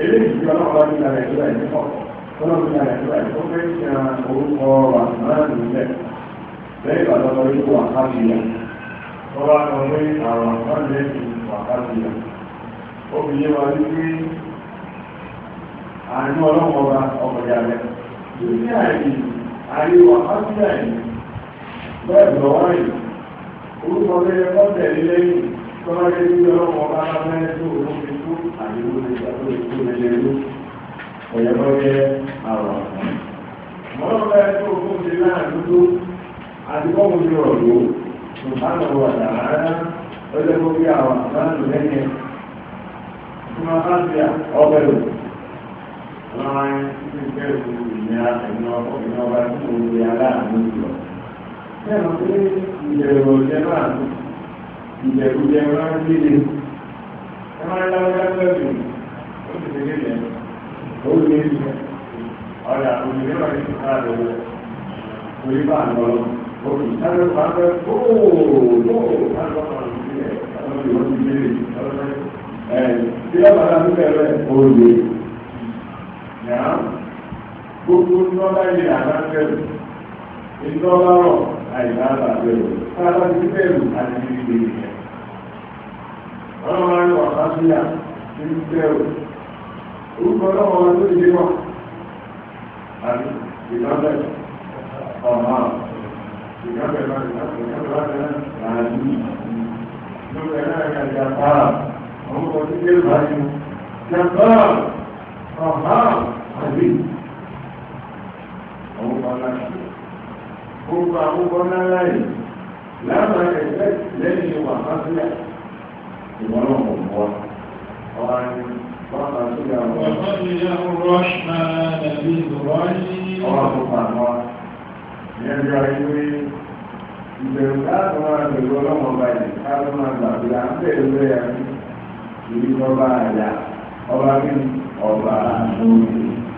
eléyìí tí ọlọ́mọba ní ìlànà ìjọba ìjọba ọlọ́mọba ní ìlànà ìjọba ìjọba fẹ́ ṣe orúkọ àlàáfíà nílẹ̀ lẹ́yìn ìbàdàn orí wàhálìyà wọ́n bá lọ pé àlàáfíà lẹ́yìn wàhálìyà ó fi yé wa wípé àánú ọlọ́run ọba ọmọdé alẹ́ ìdílé àyè àríwá áfíà yìí bẹ́ẹ̀ lọ́wọ́ yìí orúkọ bẹ́ẹ̀ lọ́tẹ̀ lẹ́yìn tọ́lá yẹn ní ọlọ́run ọba alábẹ́rẹ́ tó òun fi kú àyẹ̀wò lè gbà tó lè kú lẹ́yìn ló ọ̀yẹ́ bọ́ yẹ àrọ̀ mọ́lọ́ bẹ́ẹ̀ tó òun ti láàánú tó àdìgbọ́n mi rọ̀ lò ṣùgbọ́n àwọn àdàrà ọjọ́ tó bí àwọn àdàrà lò lẹ́yìn ọmọ wọ́n ń bẹ̀rù ìnira ẹ̀yìn ọkọ̀ ìnira ọba tí mo gbé aláàánú jùlọ. bẹ́ẹ̀ ló pé ìbẹ̀rù ọ̀jẹ̀ náà ìbẹ̀rù jẹ́ máa ń gbé ni ẹ máa ń láwọ́dá lẹ́bù ó sì fi lélẹ̀ ó lè ní ọ̀dà òmìnira náà ti ká lọ wọ orí bá ń lọ òkè sáré wà pé óòó óòó ká lọ́kàn ìdílé ọlọ́dún ìwọ́n náà gbogbo tí wọ́n bá yẹ àbábẹ́rù iná lọ́rọ̀ àìlá àbábẹ́rù sábà ti bẹ̀rù àti ìgbè yẹn. wọ́n máa ń wà fásíyà tí ń bẹ̀rù orúkọ lọ́wọ́ wọn tó yé wà àti ìdánlẹ̀ ọ̀mà ìdánlẹ̀ náà ìdánlẹ̀ náà àti ìdánlẹ̀ náà ìdánlẹ̀ náà àwọn ọmọ tó yé wà ní ìdánlẹ̀ ọ̀hán àbí àwọn ọmọ aláṣẹ orúkọ àkókò ńláńlá yìí láàmà ẹgbẹ́ lẹ́yìn wà fásílẹ̀ ìwọ́n náà mọ̀ wá ọ̀rọ̀ ni wọ́n máa tún yà wọ́n. wọ́n ti yà wọ́n rọ́ọ̀ṣì máa dàbí ìrọ̀lẹ́. ọ̀rọ̀ àkókò àná ìyẹn bí wàá ọba bí ọba àti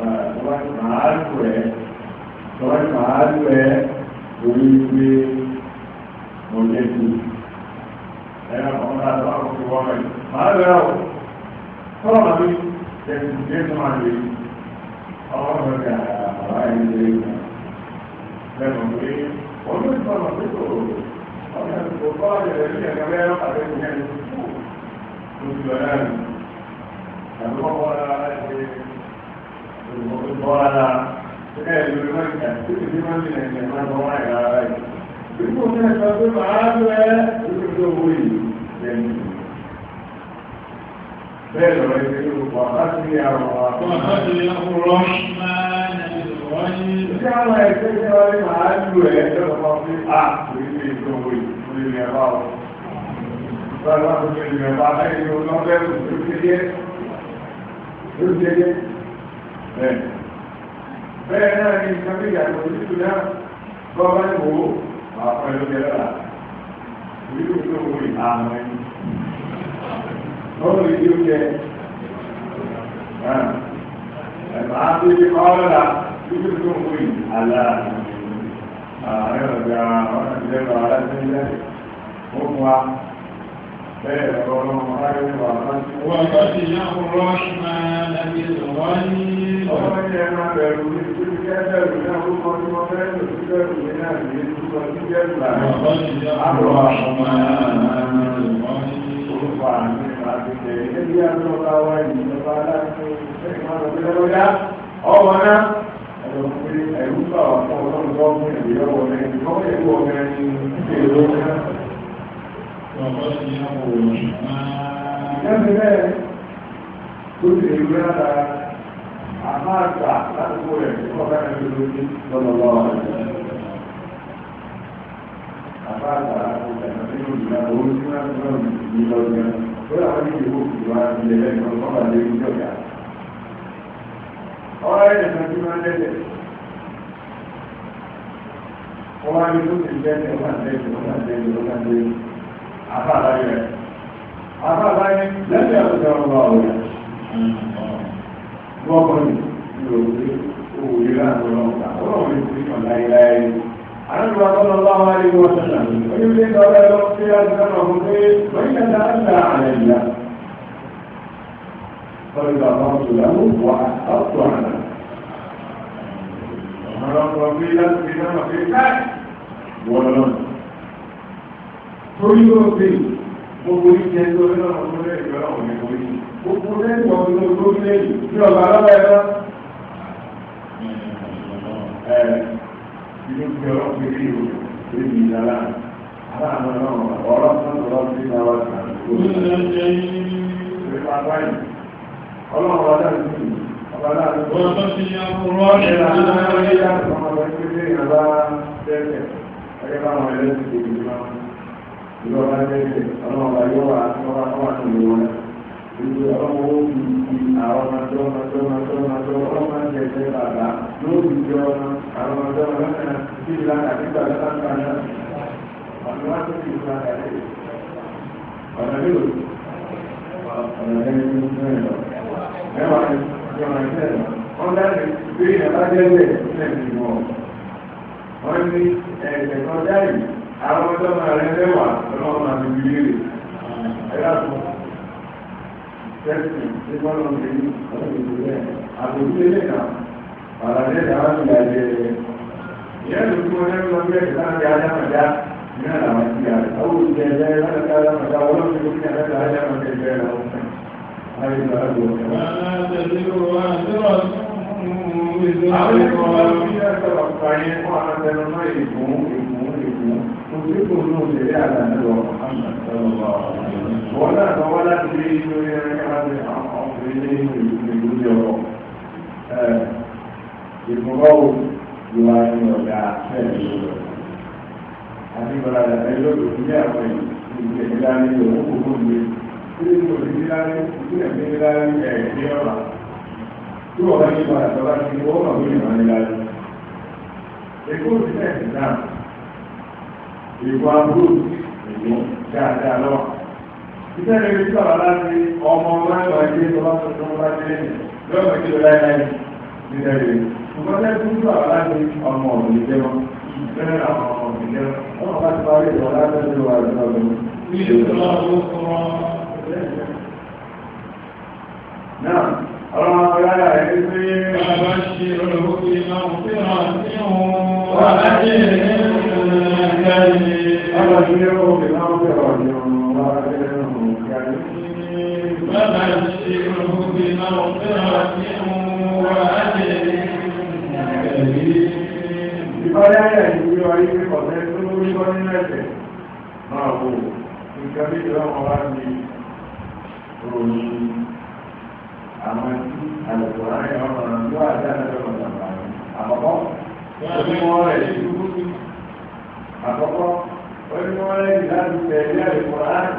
tọ́wájú màálù rẹ̀ tọ́wájú màálù rẹ̀ lórí pé mo lẹ́nu ẹ̀rọ àwọn ọmọdé àti àwọn ọmọdé wọ́n rẹ̀ màálù rẹ̀ ọ̀ tọ́wọ́ màálù tẹ̀sí dé tó máa lè ọwọ́ rẹ̀ gà àbá ẹni lè gbà lẹ́nu pé wọ́n ló ń sọ̀rọ̀ pé kò ọ̀nà ìfòkọ́ ọ̀dẹ̀rẹ̀ ní ẹ̀ka mẹ́rọ̀ àbẹ́kùn yẹn ló kù lójú ọ̀rẹ́ rẹ̀ àbúkọ́ ọ̀rẹ́ rẹ̀ ìbọn ara ṣẹ́kẹ́ ìlú ìwọ̀n ìjà tí ìdí máa ń lè ṣe máa ń wọ́n àìlá ara yìí. Ìgbìmọ̀ ní ẹ̀sọ́ pé màá lẹ́ ìgbìmọ̀ owó yìí lẹ́nu. Bẹ́ẹ̀ lọ rẹ̀ ṣe ló wà bá sí àwọn àwọn àti ọ̀rọ̀ máa ń lọ sí. Ṣé àwọn ẹ̀ṣẹ́ ṣe wọlé màá lù ẹ̀ lọ́pọ̀ pé à kò ní lè gbọ́ owó yìí kò ní lè bá ọ. Bọ́lá ló ń lè bá ẹ̀ lọ́pẹ́ bẹ́ẹ̀ bẹ́ẹ̀ náà ni ìsànlẹ̀ ìyàtọ̀ títù náà bọ́ bá ní owó wà fún ẹ lókè lọ́la ìlú tó wọ ìlànà ẹni lọ́rùn ìdí oúnjẹ ẹ̀mà tó ti kọ́ lọ́la ìlú tó wọ ìlànà ààrẹ ọ̀gá ọ̀nà ìlẹ́nu aláṣẹ ilẹ̀ ó fún wa bẹ́ẹ̀ lọ́rùn ayélujára wọ́n bá ti yá ọ̀rọ̀ ṣùgbọ́n lábẹ́ ìlọ́wọ́ ní ọlọ́run ní ẹran bẹ̀rù ní títí kẹ́bẹ̀rù náà ó kọ́ tí wọ́n fẹ́ lò sí bẹ̀rù ní náà ní ìlú ọdún bẹ̀rù àmọ́ àgbà ládùúgbò rẹ̀ tí wọ́n bá rẹ̀ lórí lọ́nà lọ́wọ́ rẹ̀. àmọ́ àgbà ọ̀gbẹ̀rẹ̀ nínú ìlú àwọn oníṣẹ́ náà lọ́nà ní lọ́gbẹ̀rẹ̀ lórí àwọn ilé ìwò ìwà ilẹ̀ lẹ́nu ọ̀gbọ́n bá lé ní ọ̀gá. ọ̀rọ̀ ẹ̀ nìkan tí wọ́n lẹ́lẹ̀ wọ́n wá ní lóṣù lẹ́lẹ̀ wọ́n lẹ́lẹ̀ àbá àbáyé rẹ̀ àbá àbáyé lẹ́lẹ̀ wọ́n kọ́ ní ìròyìn owó ìlà àtọ́lọ́gbà ọlọ́run ní ti kàn láéláé àdúgbò àtọ́lọ́ bá wà ní wọ́n sọ̀rọ̀ onílé ìgbàlẹ́ lọ sí àdúgbò ọ̀hún pé lọ́yìn ẹ̀dá àdá àlẹ́ ìlà lọ́yìn bàbá ọ̀tún láwọn wà ọ̀tún àná ọ̀rọ̀ ọ̀gbìn láti fi náà fi ká wọ́n lọ torí ó ti gbogbo ìjẹ́ gbogbo lẹ́yìn ọ̀rọ̀ ọ̀rọ̀ ọ̀rọ̀ ìlú ọmọ òbí ti àwọn ọmọdé ọmọdé ọmọdé ọmọdé ọmọ ẹgbẹ́ bàbá lóòbí jẹ ọmọ àwọn ọmọdé ọmọdé tí ìlà àdìgbà sáńtà náà ọ̀nà wá sí ìlú àdàlẹ́ ọ̀nà mélòó ọ̀nà mélòó mélòó mẹ́wàá ni ọ̀nà mélòó ọ̀nà ìgbé ìyàbájẹ́lẹ̀ ìpínlẹ̀ ìgbìmọ̀ wọ́n ní rẹ̀ mẹ́wàá lọ́wọ́ máa ń gbé rè tẹ́sì tí wọ́n lọ sí ọdún ìdílé àbòjúlé lẹ́ka àlàyé làwọn ti àjẹ rẹ̀. ìyá ló kú ọdún ẹgbẹ́ ọdún ẹgbẹ́ láti ajámọ̀já ní àlàmà sí àjẹ. àwọn olùdíje ẹgbẹ́ láti ajámọ̀já ọlọ́run tó ní àjẹ ajámọ̀já ẹgbẹ́ rẹ̀ ọ̀hún. ayé ló àjọ ọ̀hún. àwọn ìkọ̀ ọ̀hún ní ẹgbẹ́ ọ̀pá yẹn fún àwọn tẹnumọ́ ìfún ìfún ìfún. òṣèlú náà ṣe wọ́n náà sọ rí inú ẹ̀rẹ́ ọkùnrin ní ìlú ní ọ̀rọ̀ ìgbà dáadáa lọ́wọ́ iṣẹ́ rẹ̀ ti láti ọmọ mẹ́wàá ẹgbẹ́ tó bá tó tó bá dé lọ́wọ́ kí ló láì láì nílẹ̀ rẹ̀ ṣùgbọ́n lẹ́ tó sọ̀rọ̀ láti ọmọ òbí jẹ́ wọn ìṣẹ́ àwọn ọmọ òbí jẹ́ wọn wọn bá ti parí ìwọ̀n láti ọjọ́ wa rẹ̀ lọ́wọ́ náà ọlọ́run ọlọ́run ẹ̀ ti pé bàbá ṣe olùkọ́ ìmọ̀ òfin hàn sí òun wà á jẹ́ ẹ̀rọ ìrìnàjò ọlọ́run ilé ọkọ̀ ìmọ̀ òfin hàn sí òun فبشره بمغفرة وأجر كريم Ìbáyá ẹ̀yìn ìwé ayé ọ̀sẹ̀ tó lórí lọ nínú ẹ̀sẹ̀ máa wò nǹkan bí ìrọ̀mọ́ bá ní ròyìn àwọn tí àlùkò láàrin ọmọ náà ló àjá lọ́jọ́ ọ̀dàmà àkọ́kọ́ onímọ̀ rẹ̀ sí àkọ́kọ́ onímọ̀ rẹ̀ sí láti tẹ̀lé àlùkò láàrin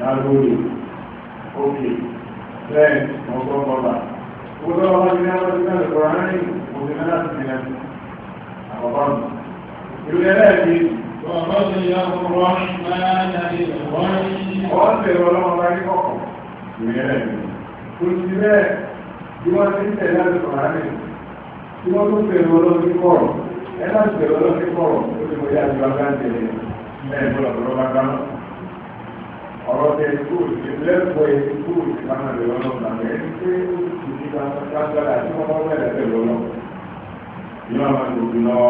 Dàgbòdì, òkè, lẹ́ẹ̀, ọgbọ́n bọ́lá. Gbogbo ọmọ ti ní ọjọ́ ìgbà ìgbà rẹ̀ òfin náà ti ní ẹ̀sìn. Àkọ́kọ́ nù. Ìrìnlẹ̀ lẹ́ẹ̀kì. Bàbá mi yà wọ́n máa ń darí ìwọ́n. Ọ̀wọ́n tẹ̀lé ọlọ́mọ bá ní kọ̀kọ̀. Ìrìnlẹ̀ lẹ́ẹ̀kì. Kò sí bẹ́ẹ̀ bí wọ́n ti ń tẹ̀lé àdìgbà rẹ̀. Tí wọ́n tó tẹ̀lé ọlọ́mọ ọ̀rọ̀ tẹ kú lẹ́kọ̀ọ́ yẹ kú ìlànà ìlú ọlọ́run àmì ẹni pé ó ti di kágbára tí wọ́n bá bẹ̀rẹ̀ pẹ̀lú ọlọ́run. ìlú àwọn àgbègbè lọ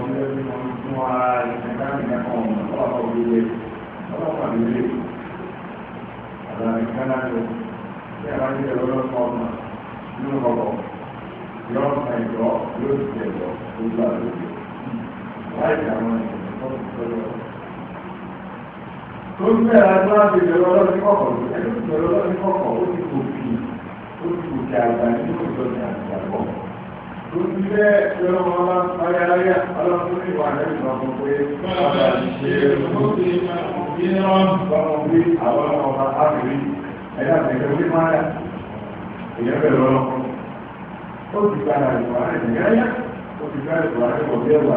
sílẹ̀ tí wọ́n fún wa ìṣẹ̀dá ìṣẹ̀kọ̀ ọ̀nà ọ̀pọ̀ ìwé ọlọ́pàá nílé àdàlẹ́ kánájọ tí a bá ń jẹ́ ọlọ́pàá ọ̀nà nínú ọ̀rọ̀ yọ̀ọ̀ta ìjọ yóò ti jẹ̀ lọ gbogbo àgbègbè láì tó ń bẹ̀rẹ̀ agbá bèbèrè ọlọ́run kọ̀kọ̀ ẹni tó bẹ̀rẹ̀ ọlọ́run kọ̀kọ̀ ó ti kò fi ó ti kò fi àgbà nínú ìjọba àgbàgbọ́ tó ń bẹ́ ẹran ọlá ayáyá ọlọ́run ní ìwà rẹ̀ ìgbà mọ̀ pé bàbá ṣe lóde ìran bàmọ̀ pé àwọn ọba ábìrí ẹ̀dá bẹ̀rẹ̀ orí máa yà ìyẹn bẹ̀rẹ̀ ọlọ́run ó ti gbára ìwà rẹ̀ ìyáyá ó ti gbára ìwà rẹ̀ ọ̀gẹ́ ìwà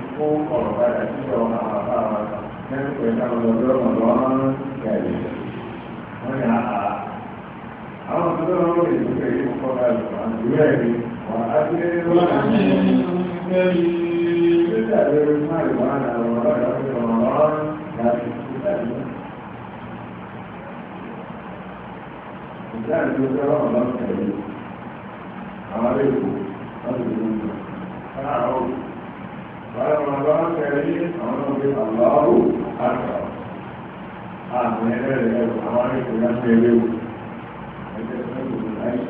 kó ọ̀rọ̀ padà sí ọ̀rọ̀ àpapọ̀ àwọn lẹ́sùn ẹ̀ka ọ̀dọ́ ọ̀dọ́ gàdé. wọ́n yà á àwọn tó lọ́wọ́ lórí ìdúpẹ́ yìí kó kọ́ka lọ àdúrà ẹ̀mí wà á ti lé lọ́wọ́ àti ẹ̀mí. títà lórí máa lè wà á nà ọ̀rọ̀ padà sí ọ̀rọ̀ gàdé títà lórí. ìdáàbò tó lọ́wọ́ lọ́wọ́ tẹ̀lé àwọn ẹ̀kọ́ wọ́n ti lè lọ́wọ́ báyọ̀ bá ń kẹrí àwọn náà pé àlọ́rù àgbà àmì ẹlẹ́rìí ẹ̀rọ àwọn arìnrìn náà ṣe eré o ẹgbẹ́ sẹ́kù ní láyé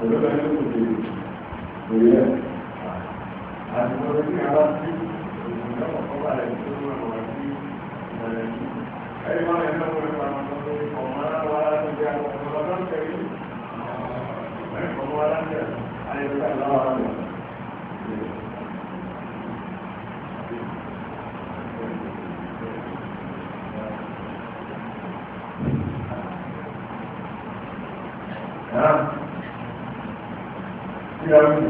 olóògbé ní kò tèèrè lórí ẹ̀ àti lórí ní ara sí òṣìṣẹ́ ọ̀pọ̀ bá rẹ̀ tó ń rọ̀ wá sí ìrẹ̀lẹ̀ sí ẹ̀rí wọn lè náà Yeah.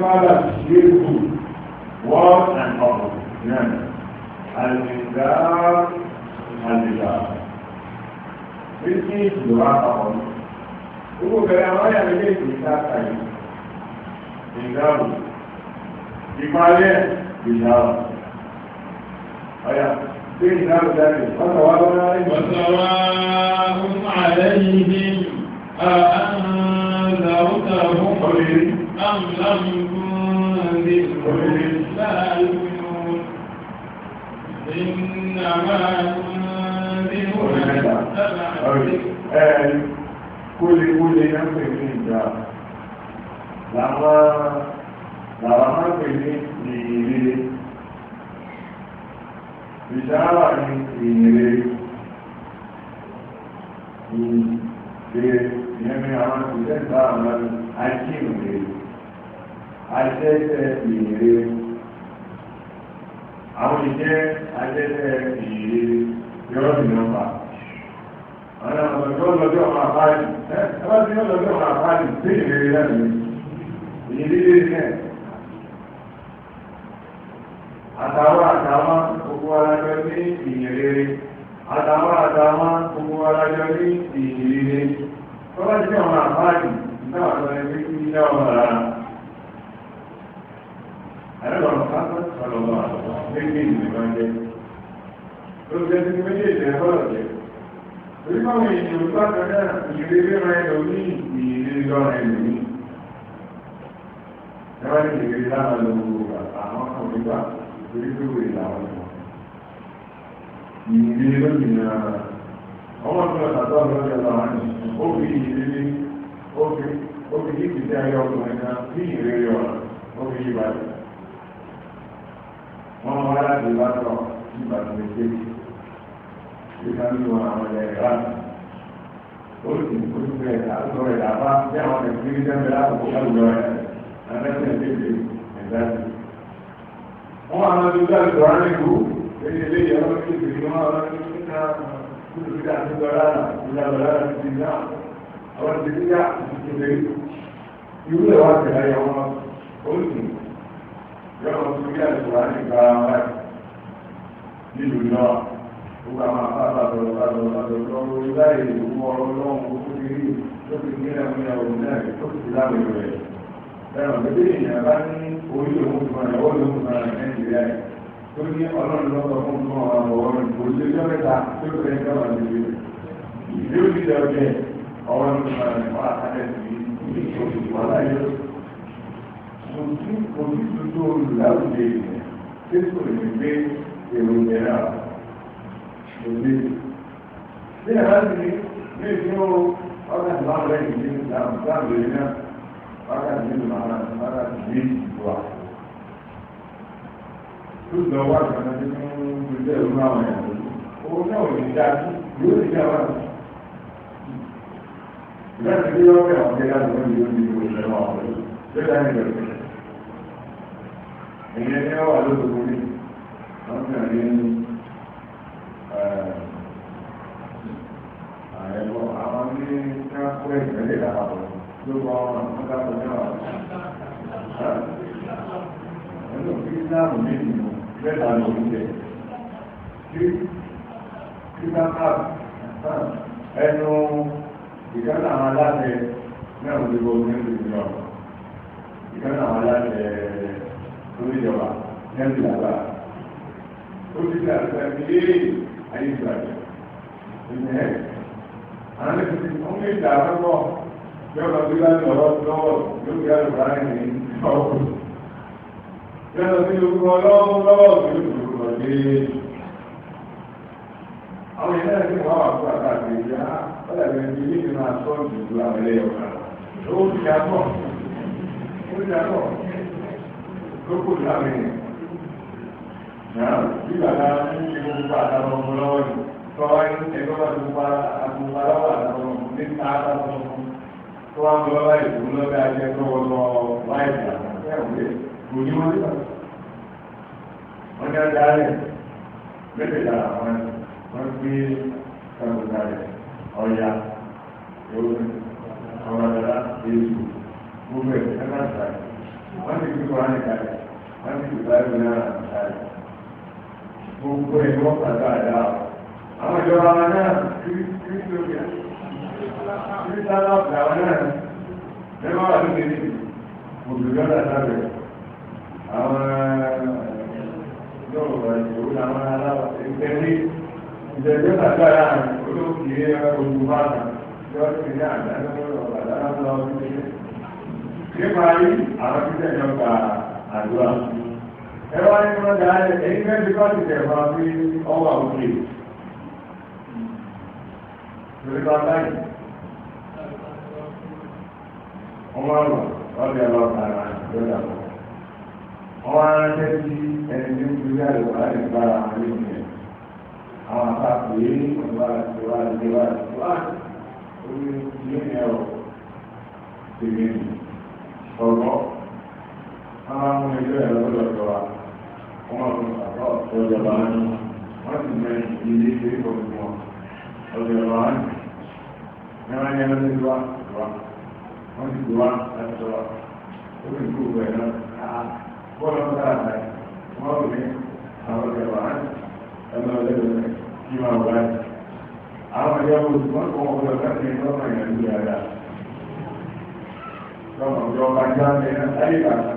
father dey good one and all yan àlùdá àlùdá méjì ìjọba àpapọ̀ gbogbo bẹ̀rẹ̀ àwọn àyà méjèèjì ìta àtàyè ìdáàbò ìpalẹ̀ ìdáàbò ọ̀yà bí ìdáàbò jáde wọ́n tọ̀wá lọ́wọ́ láyé. wọ́n tọ̀wá ń àlẹ́yìn ní àánú làwọn tàwọn ọ̀rẹ́ àmì láàmì ذكر للسائلون إنما تنذر من كل كل نفس عند لما لما كل نيلي بشارة نيلي ìgbé ìyẹ́mí àwọn ìṣẹ́ ìta àwọn àìkí ìrìnlẹ̀ ajẹ́tẹ̀ ìrere àwọn ìjẹ́ ajẹ́tẹ̀ ìrere yọ́rọ̀ sí nọ́mbà àwọn ọ̀sán tó lọ́jọ́ ọmọ àbáyé ẹ́ ẹ́ tí ó lọ́jọ́ ọmọ àbáyé sí ìrere náà ní ìrere náà àtàwọn àtàwọn gbogbo alájọ ní ìrere àtàwọn àtàwọn gbogbo alájọ ní àdàbà mùsàlùmọ́ sọlọ́mọ́ àlọ́ méjì nìkan jẹ́ lóòjẹ́ tí méjèèjì ẹ̀fọ́lọ̀ jẹ́ orí báwọn èèyàn bákan náà ìrírí ra ẹlòmí ìrírí lọ ẹlòmí ẹwà ní ìrírí lára lọ́wọ́ àwọn kan nígbà torí pé wòye làwọn ọmọ ìrírí lónìí náà ọmọ tó lọ tàbí ọmọ tó lọ wọn ó fi ìrírí ó fi ó fi yí kìí ayé wọ́n wá láti ìbátọ̀ sí ìbátọ̀ méjèèjì bí ká ní wọn àwọn ilẹ̀ ìrà ó sì ń kó síbẹ̀ àtúntò rẹ̀ dàbá bí àwọn ẹ̀sìn ní jẹ́mbẹ̀ lákòókò káwùjọ rẹ̀ ẹ̀rẹ́sẹ̀ méje ẹ̀dá sí. wọ́n wá lọ́dún bí àlùkò rán ní ìlú lẹ́yìn eléyìí ọmọ méjèèjì ni wọ́n wá lọ́dún bí ká kúrò sí àtúntò rárá ìlànà rárá ti dì náà àwọn ti dì yọ̀rọ̀ tó bí ọ̀rọ̀ lọ́wọ́ ọ̀rọ̀ ní orí òun fún ẹ̀ ní ọlọ́run lọ́kọ̀ fún fún kò sí òtítù tó láwùjẹ ilẹ̀ tí kò lè gbé èrò ìlera òde. Bí a bá ti ní ìdí ó ọ̀gá ìlú àwọn ẹ̀yìn ní ìlànà ìlànà ìlànà ọ̀gá ìlú àwọn ará ìlú ìlú wa. Lóòótọ́ wà lọ́nà tí wọ́n ń gbé ẹ̀rú àwọn ẹ̀yàn owó náà ò ní dájú yóò ní Ìgbà tí ó yọ ọ̀gá ìlú àwọn ẹ̀yàn ló ń gbé ìwé ìṣẹ̀lẹ̀ ìyẹn ní ọwà lóògùn ní wọ́n kàn ní àyẹ̀wò àwọn ní káàkó ìgbẹ́lẹ̀ ìdàpọ̀ ló bọ́ ọmọ ní ọ̀rọ̀ ẹ̀lú kí ìsìláàmù ní ìlú mẹ́ta ló ń jẹ kí kí ẹnu ìkànnà àwọn aláṣẹ náà ló bọ́ ọmọ ìlú ìlú ọ̀rọ̀ àwọn aláṣẹ oníjọba ẹ̀mí làbá ó ti dà sẹ́mi yéé ayé ìgbàjọ ìgbẹ́ àwọn ẹ̀sìn ti fún mi dà lọ́wọ́ yọ̀ọ̀lọ́ lọ́wọ́ lọ́wọ́ yóò fi àlùbá lọ́wọ́ yọ̀ọ̀lọ́ bí wọ́n lọ́wọ́ lọ́wọ́ yóò fi àlùbá ẹ̀mí àwọn ìlànà tí wọ́n wà fún àtàkì ìyá ọ̀dà ìrìnàjò yìí ni máa ìlú àwọn ẹlẹ́yọ̀ kan ti tó kò láàrin yẹn. Náà bí bàbá ń ṣe gbogbo àtàwọn ọmọ lọ́wọ́ ni tọ́wá ní ẹgbẹ́ wà tó pa agbóhùnmáláwà àtàwọn ọmọ ní ta àtàwọn ọmọ tó wá ń lọ bá ìlú lọ́bẹ̀ ajẹ́ tó wọ́n lọ wáyé àtàwọn ẹ̀wọ̀n kò ní wọ́n nípa. Wọ́n ní ọjà ẹ̀ náà sáré wọ́n ti gbé wọn ní kàkùkà láti ìgbàlù náà àtàrí gbogbo àwọn ìjọba wa náà kírísítọ́bíà kírísítọ́bíà wa náà lẹ́wọ́n wà lóde ní òdòdó àtàbẹ̀ àwọn ìjọba ìṣòro làwọn aláwọ̀ ìtẹ́lẹ̀ ìjẹ́jọ́ àdúrà. Ẹwà ní wọ́n dá ẹ̀ èyí fẹ́ bí kọ́ọ̀tì tẹ̀fà bí ọwà òkè. Lórí bá báyìí. Ọmọ àrùn ọ̀bẹ ọlọ́ọ̀ta ara lórí àbọ̀. Ọmọ ara jẹ́ sí ẹni tí ó fi rí àlùkò láti bára àwọn ilé ìgbẹ́. Àwọn àpá pè é ìwà ìwà ìwà ìwà orí ilé ẹ̀rọ tèmi ọ̀rọ̀ wọ́n máa mú ilé ẹ̀rọ tó lọ́jọ́ wa wọ́n máa fún àbá ọ̀jọ̀ba ní wọ́n sì mẹ ilé ilé ìkọ̀ fún wọn ọ̀jọ̀ba wa ní ẹran ní ẹran nígbà wa wọ́n sì gbé wa láti sọ wa ó sì kú ìwé náà bọ́ọ̀lù ọ̀gá àgbà wọ́n rò ní àwọn ọ̀jọ̀ba wa ní ẹ̀rọ ọ̀jọ̀ba kí wọ́n wá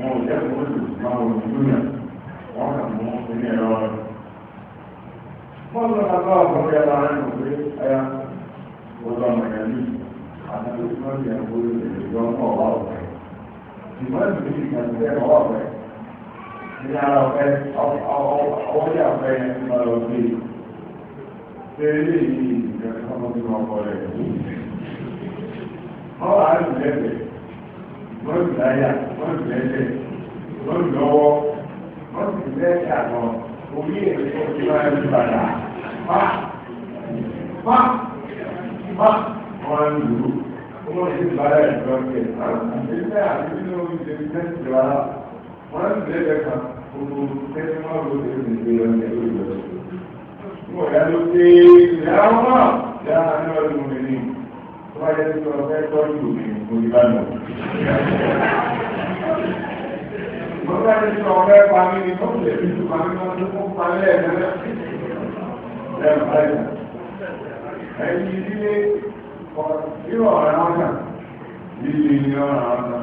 wọn ò lẹ́kọ̀ọ́ lù máa wọ̀ lóyà wọn kà mú ilé ẹ̀rọ rẹ̀. wọ́n lọ bá bá bí ara rẹ̀ lò pé ẹ̀yà ó lọ mọ̀yà ní àtàlù tí wọ́n yẹ kó lè lè lọ mọ́ ọ̀wá ọ̀pẹ̀. ìmọ̀ ìlú ti kàn sí ẹ̀rọ ọ̀pẹ̀. ní ara ọ̀pẹ̀ ọwọ́dí ọ̀pẹ̀ máa lọ sí yìí ìjọba ọmọdé ọkọ rẹ̀ wọ́n sì láyà wọ́n sì lẹ́sẹ̀ máa ń padà pa pa pa wọ́n ń lù ú wọ́n sì bára ìjọ kẹ̀ àti ilé àti ilé orí ìdèmí tẹ́sí wa wọ́n ń lẹ́sẹ̀ kan gbogbo tẹ́sí wọn ló ti wọ́n yẹ kí wọ́n fẹ́ tọ́ ìlú mi kò ní bá lọ. mo bá yẹ kí wọ́n fẹ́ pa mí ní kókò lè fi tùpá mi lọ́dún tó pa lẹ́ẹ̀kan náà. lẹ́nu báyìí ẹ̀yìn ìdílé ìrọ̀ ọ̀rẹ́ wọn náà líle ní ọ̀rọ̀ àwọn náà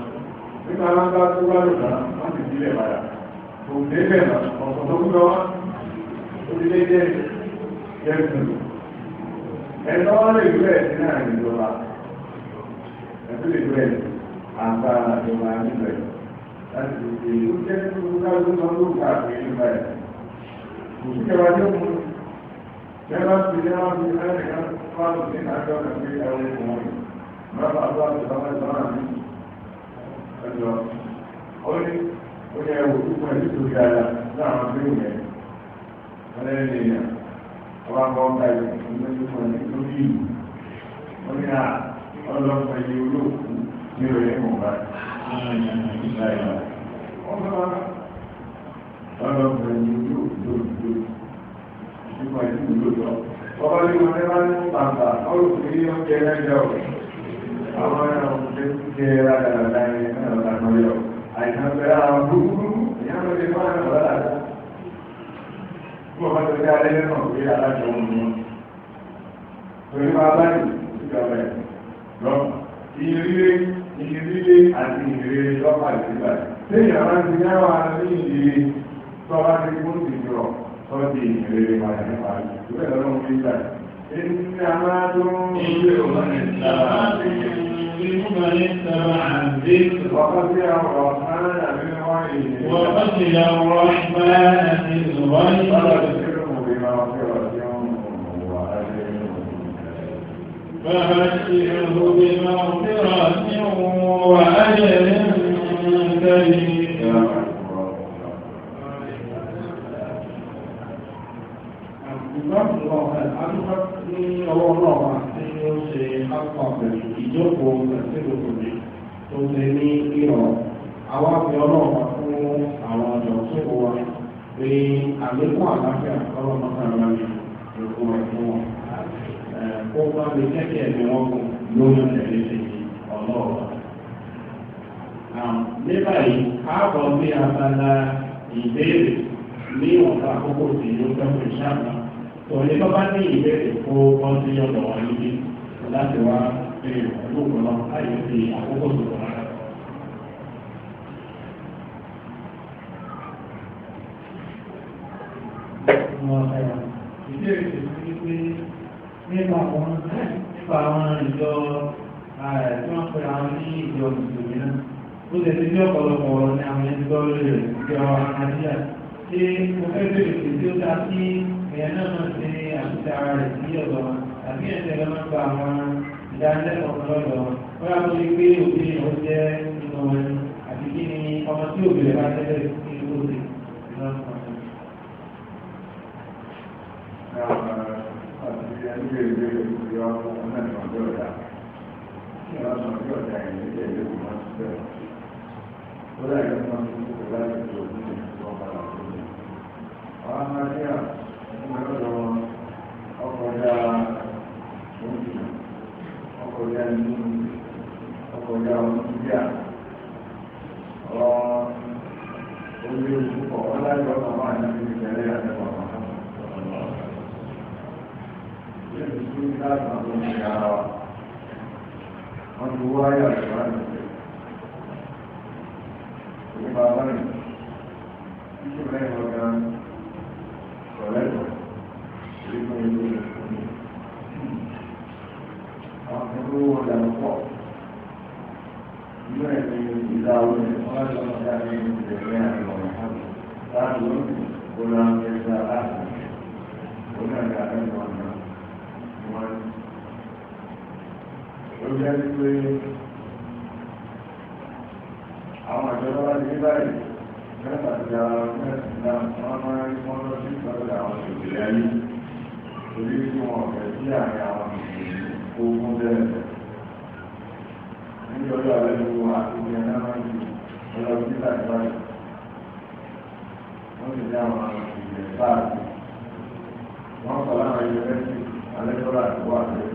nígbà wọn bá tó bá lòdà wọn ti dílé padà kò débẹ̀ lọ ọ̀pọ̀ tó ń lọ wá ó ti lé jẹ́ jẹ́ ẹ̀sùn ẹ̀sọ́ wọn lè gbé ẹ̀sìn náà ìjọba ẹ̀kúlẹ̀ ìgbẹ́ àǹfà ìwọ̀n àjíbẹ̀ láti fi ó jẹ́ kí ó ká ló sọ ló kà pé ní báyìí kò sí kẹwàá tó mú jẹ́wọ́ sí jẹ́wọ́ sí ẹ̀rẹ́ kan wá lò sí àjọ kan pé ẹ̀rọ ìwọ̀n yìí mọ́tò àbúrò àti ìbámu ìbámu àmì ẹ̀jọ̀ ó ní ó ní ẹ̀wọ̀ ọlọ́pàá yìí olóòkú ní rẹ̀ mọ̀bá láìlá ọba ọlọ́pàá yìí olóòkú nípa ìlú olóòtọ́ ọba ní wọn lẹ́wà ní bàbá ọlọ́pàá yìí ọjẹ́ lẹ́jọ́ àwọn ẹ̀rọ jẹ́ rádaràdà ẹ̀ náà lọ́yọ̀ àìsàn bẹ̀rẹ̀ àwọn búburú ìyá lọ́dẹ̀ máa ń lọ́dà Gbogbo ọmọdé ọjọ́ alẹ́ náà pé alájọ òun ni wọ́n. Torí máa báyìí, ìjọba ẹ̀ ìrírí ìrírí àti ìrírí lọ́pàá ìdílé lẹ́yìn àwọn ti ní àwọn arí ìrírí tó bá ti kún sí jọ tó di ìrírí padà nípa ìgbé lọ́nà ń gbé إن أمادهم وقتل الرحمن بالغيب وقتل الرحمن بالغيب فبشره بمغفرة وأجر كريم ìjókòó ìgbàsílòkòdì tó ṣe ní ìrọ̀ àwọn àfi ọlọ́ọ̀pá fún àwọn ọ̀dọ́ tó wọ pé àlékún àlàáfíà ọlọ́mọ kan lọ́yìn ìrọ̀kùn ẹ̀fún wọn kó bá mi kẹ́kẹ́ ẹ̀mí wọn kún lórí tẹ̀lé ti ọlọ́ọ̀wà. ní báyìí káàbọ̀ bí abala ìbéèrè ní ọ̀pá àkókò tí ó fẹ́kù ìṣàmà tó ní bá bá ní ìbéèrè kó bọ́ sí ọ̀dọ̀ wọn níbi láti wá béèrè pẹ̀lú òkúlọ láyé ti àkókò tó wà. Ìbéèrè tèmi nípa àwọn nípa àwọn ìjọ tí wọ́n pè àwọn ní ìjọ mùsùlùmí náà ó tẹ̀sí bí ọ̀pọ̀lọpọ̀ ní àwọn ẹni gbọ́ lórí rẹ̀ ìjọ àjíyà ṣé mo fẹ́ bèrè pé tí ó ta sí ẹ̀yà náà máa ṣe àtúnṣe ara rẹ̀ sí ọ̀dọ̀ wọn àbí ẹ̀ṣẹ̀ lọ máa ń gba àwọn ìdánilẹ́kọ̀ọ́ lọ́dọ̀ wọn wọ́n yà wọ́n pé òbí ìyàwó jẹ́ nínú wọn àbí kí ni ọmọ tí òbí rẹ̀ bá tẹ́lẹ̀ sí ìlú òde ìlọ́sọ̀rọ̀ Ọ̀rọ̀ orí ojú pọ̀, wọ́n láyé ọ̀pọ̀ àwọn àjẹ́ ìgbẹ̀rẹ̀ àjẹ́ pọ̀. wọ́n ti wá yà lọ́wọ́ àgbẹ̀ ní bàbá rẹ̀ títí bẹ́ẹ̀ lọ gan kọ̀lẹ́tọ̀ èyí tó ń lò ní àwọn tó ń lò wọ́n dànù pọ̀ ìlú ẹ̀ ní ìlà orí wọ́n lọ sí àmì ìdẹ̀rẹ́ àlọ́ láti lóyún kó lọ́n ń gbé sáà láti lóyún àgbà ẹ̀ lọ́wọ́. jẹ́ pé àwọn ìjọba wá ní báyìí mẹ́ta ti ara mẹ́ta wọ́n máa ń wọ́n lọ sí ìpàdé àwọn ìṣòkèlè ayé torí tí wọ́n fẹ́ sí àárín àwọn ìṣòkèlè ogun bẹ́ẹ̀ nítorí àlejò àti ìjẹ náà máa ń fi ọlọ́run nígbà wọ́n sì ní àwọn ìṣòkèlè báyìí wọ́n sọ láwọn ìṣòkèlè àlejò àti wọ́n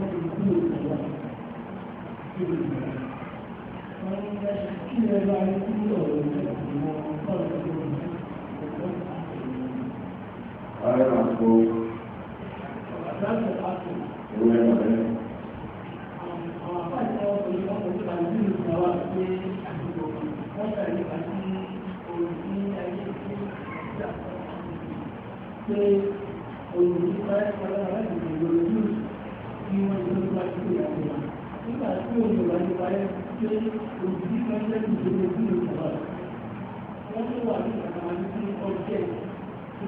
Thank you.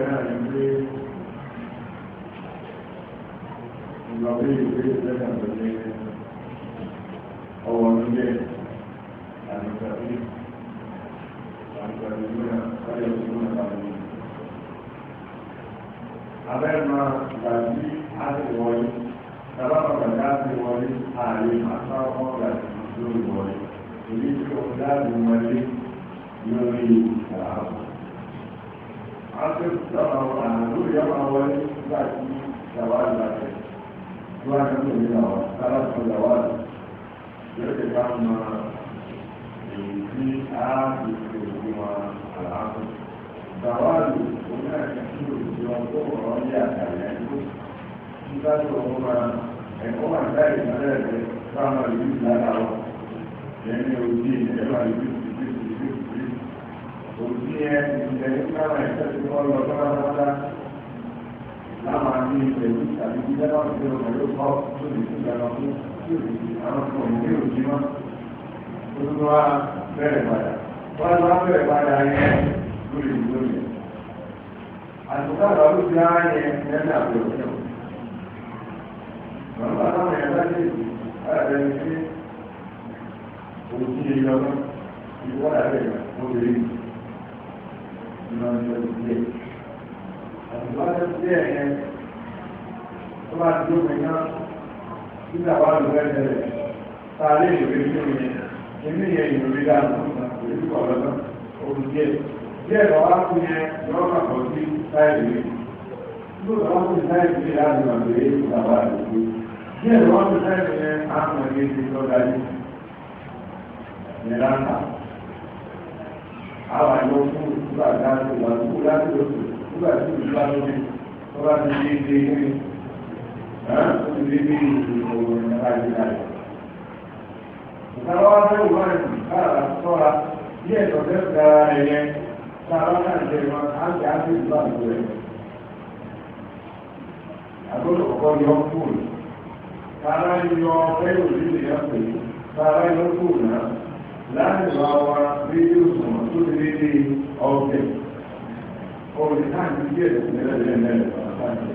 bẹ́ẹ̀ náà ní pé ìgbàgbé ìgbé ìgbẹ́nà tó lé ọwọ́ nílé àgbàgbé àgbàgbé náà wáyé tó náà bá mi. Abẹ́ máa gbàgbé àtiwọlé, tàbá ọ̀gbàgbé àtiwọlé, ààrẹ àpá ọ̀gbàgbé lórí wọlé, èyí tí ó dáàbò wọlé lórí ìgbà àbọ̀ àti sábà wà lórí àmà wọlé nígbà tí ìyàwó àgbà tẹ̀. Wọ́n á nílò nílò àwọn sábà tó ìyàwó àgbà. Yóò ti ká mọ èyí tí a ti fi òkú wọn àlàáfíà. Ìgbàwáàlù òun náà ti ọmọ ẹ̀kọ́ wà ní láì ìgbàlẹ̀ rẹ̀ sáwọn ìlú ìlànà wọn. Ẹni ojú ìjẹba ìlú kò ẹ ìṣẹ̀lẹ̀ nígbà máa ń tẹ̀sí wọn lọ pátápátá láwọn àti ìṣẹ̀lẹ̀ tàbí jíjẹ́ náà ti rọ̀ pẹ̀lú ọ́ tó lè fi ìjàmbá fún tí ò sì àwọn ọmọ ìwé òjì mọ́ tó bẹ̀rẹ̀ padà wọ́n tó bẹ̀rẹ̀ padà yẹn lórí lórí àtúntà lọ́dún ti á yẹn lẹ́nu àbẹ̀wò náà bàbá táwọn yẹn bá dé àbẹ̀wò sí òjì ìjọba ìwọ́n àbẹ̀wò obìnrin ìrànlọ́ ìdílé àtìwájú ìdílé yẹn tó bá ti dókè náà nígbà wà ló rẹ̀ tẹ̀lẹ̀ tá a lè ìwé tó yẹn èmi yẹn ìwé dáa tó ń sàn èmi kọ̀ lọ́nà òun díẹ̀ díẹ̀ lọ́ wá fún yẹn lọ́wọ́ kàkọ́ sí táyì rẹ̀ lóòótọ́ wọ́n fún táyì rẹ̀ láti mọ̀ pé bàbá rẹ̀ gbé díẹ̀ lọ́wọ́ fún táyì rẹ̀ á mọ̀ ní ti lọ́dájú yẹn láǹkà àwọn àjọ fún ìgbà láti wà tó láti lòsù nígbà tí ìlú bá lórí tó bá ti dé dé ní ó ti dé dé ìlú ìlú láti láti. ìtàwọn wá fẹ́ wọ́n rẹ̀ káàrà sọ́ra bí ẹ̀sọ̀ tẹ́ dára rẹ̀ yẹn sára náà jẹ́ wọn á ti á ti ìlú àgbò rẹ̀. àgbọ̀dọ̀ kọ́kọ́ yọ kúrò sára yọ fẹ́ òṣèlú yẹn pè sára yọ kúrò náà láàrin wa wa rédíò sọ̀rọ̀ tó ti rí ní ọ̀gbẹ̀ ọ̀rẹ́ káàkiri díẹ̀ lẹ́lẹ́lẹ́ lẹ́lẹ́ pàtàkì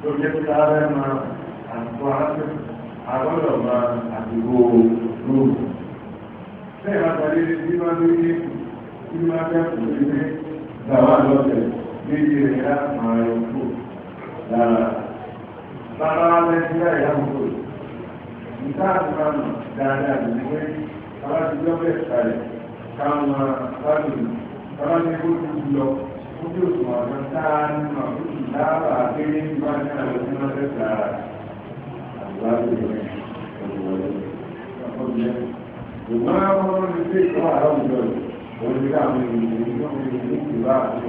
tó jẹ́ pé ara máa àtúkọ̀ arábẹ́ agbọ́dọ̀ máa àdúgbò lóòrùn bẹ́ẹ̀ máa tàbí bí máa ń rí bí máa fẹ́ kò rí pé gbàwá lọ́sẹ̀ méjì rẹ̀ á máa yọ kó lára bàbá wa lẹ́sí láì láwùjọ ìta àti máa mọ̀ dáadáa lórí bàbá ti jọ́ bẹ́ẹ̀ kalẹ̀ káwọn bábí bàbá ní kó tó lọ ó bí òṣùwọ̀n àwọn táà ní ma ó sì dábà kéré ní bá ní àwọn tí wọ́n fẹ́ gbà àgbà lóore ọ̀dọ̀wọ̀lẹ̀ ọ̀dọ̀wọ̀lẹ̀ ṣùgbọ́n àwọn ọmọ ní pé ìtọ́ àrọ́ òjò rẹ̀ òun ti káwọn ènìyàn ní wọ́n fi ní ìwà àti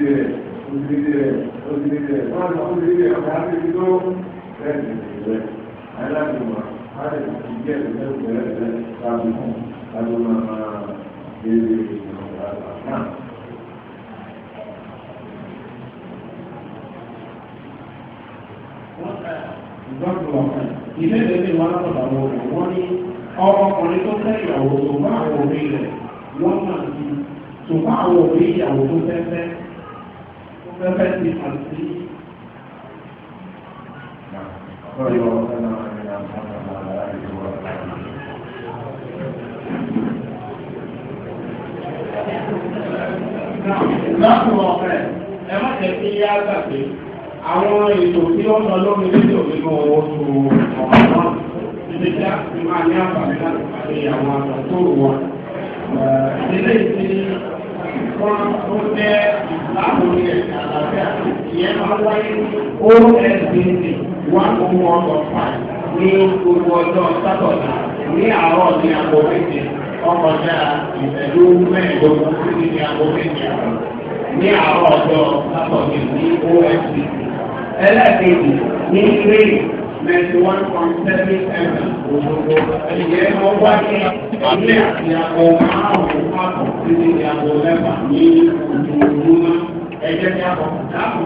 ìtú ìwé ní òṣìlẹ̀ wọ́n sọ òṣìlẹ̀ ọ̀gá ti fi tó bẹ́ẹ̀ lẹ̀ aláàbùmọ̀ alẹ́ ti jẹ́ ìlẹ́gbẹ̀ẹ́ rẹ̀ lábùkún lábùmọ̀ máa léèrè ìrọ̀lá náà. ìbéèrè mi wá lọ́dọ̀ àwọn ọmọ wọn ní ọkùnrin tó fẹ́ ìyàwó tó bá àwọn òbí rẹ̀ wọ́n máa di tó bá àwọn òbí ìyàwó tó fẹ́ fẹ́ gẹ́gẹ́ bí àti Láàrín ọ̀fẹ́, ẹ má jẹ́ kí yá gbàgbé, àwọn ètò tí ó sọ lórí rédíò nínú owó tó ọ̀rọ̀ náà, ilé jẹ́ àti máa ní àǹfààní láti pàdé àwọn àtàkùrù wọn. Ilé ìsinmi wọn tó jẹ́ ìsìláàmù rẹ̀ àlàáfíà ìyẹn máa wáyé ní osdc one oh one dot five ní gbogbo ọjọ́ sátọ̀dà ní àárọ̀ ní aago méje ọkọjá ìṣẹ́jú mẹ́ẹ̀ẹ́dógún sí ní aago méje ní àárọ̀ ọjọ́ sátọ̀dà ní osdc ẹlẹ́ẹ̀kejì ní ilé ninety one point seven mm òdodo ìyẹn lọ wáyé ilé àti àgọ́ márùn-ún pàtó títí di àgọ́ mẹ́fà ní ojoojúmọ́ ẹ̀jẹ̀ ní àgọ́ dáàbò.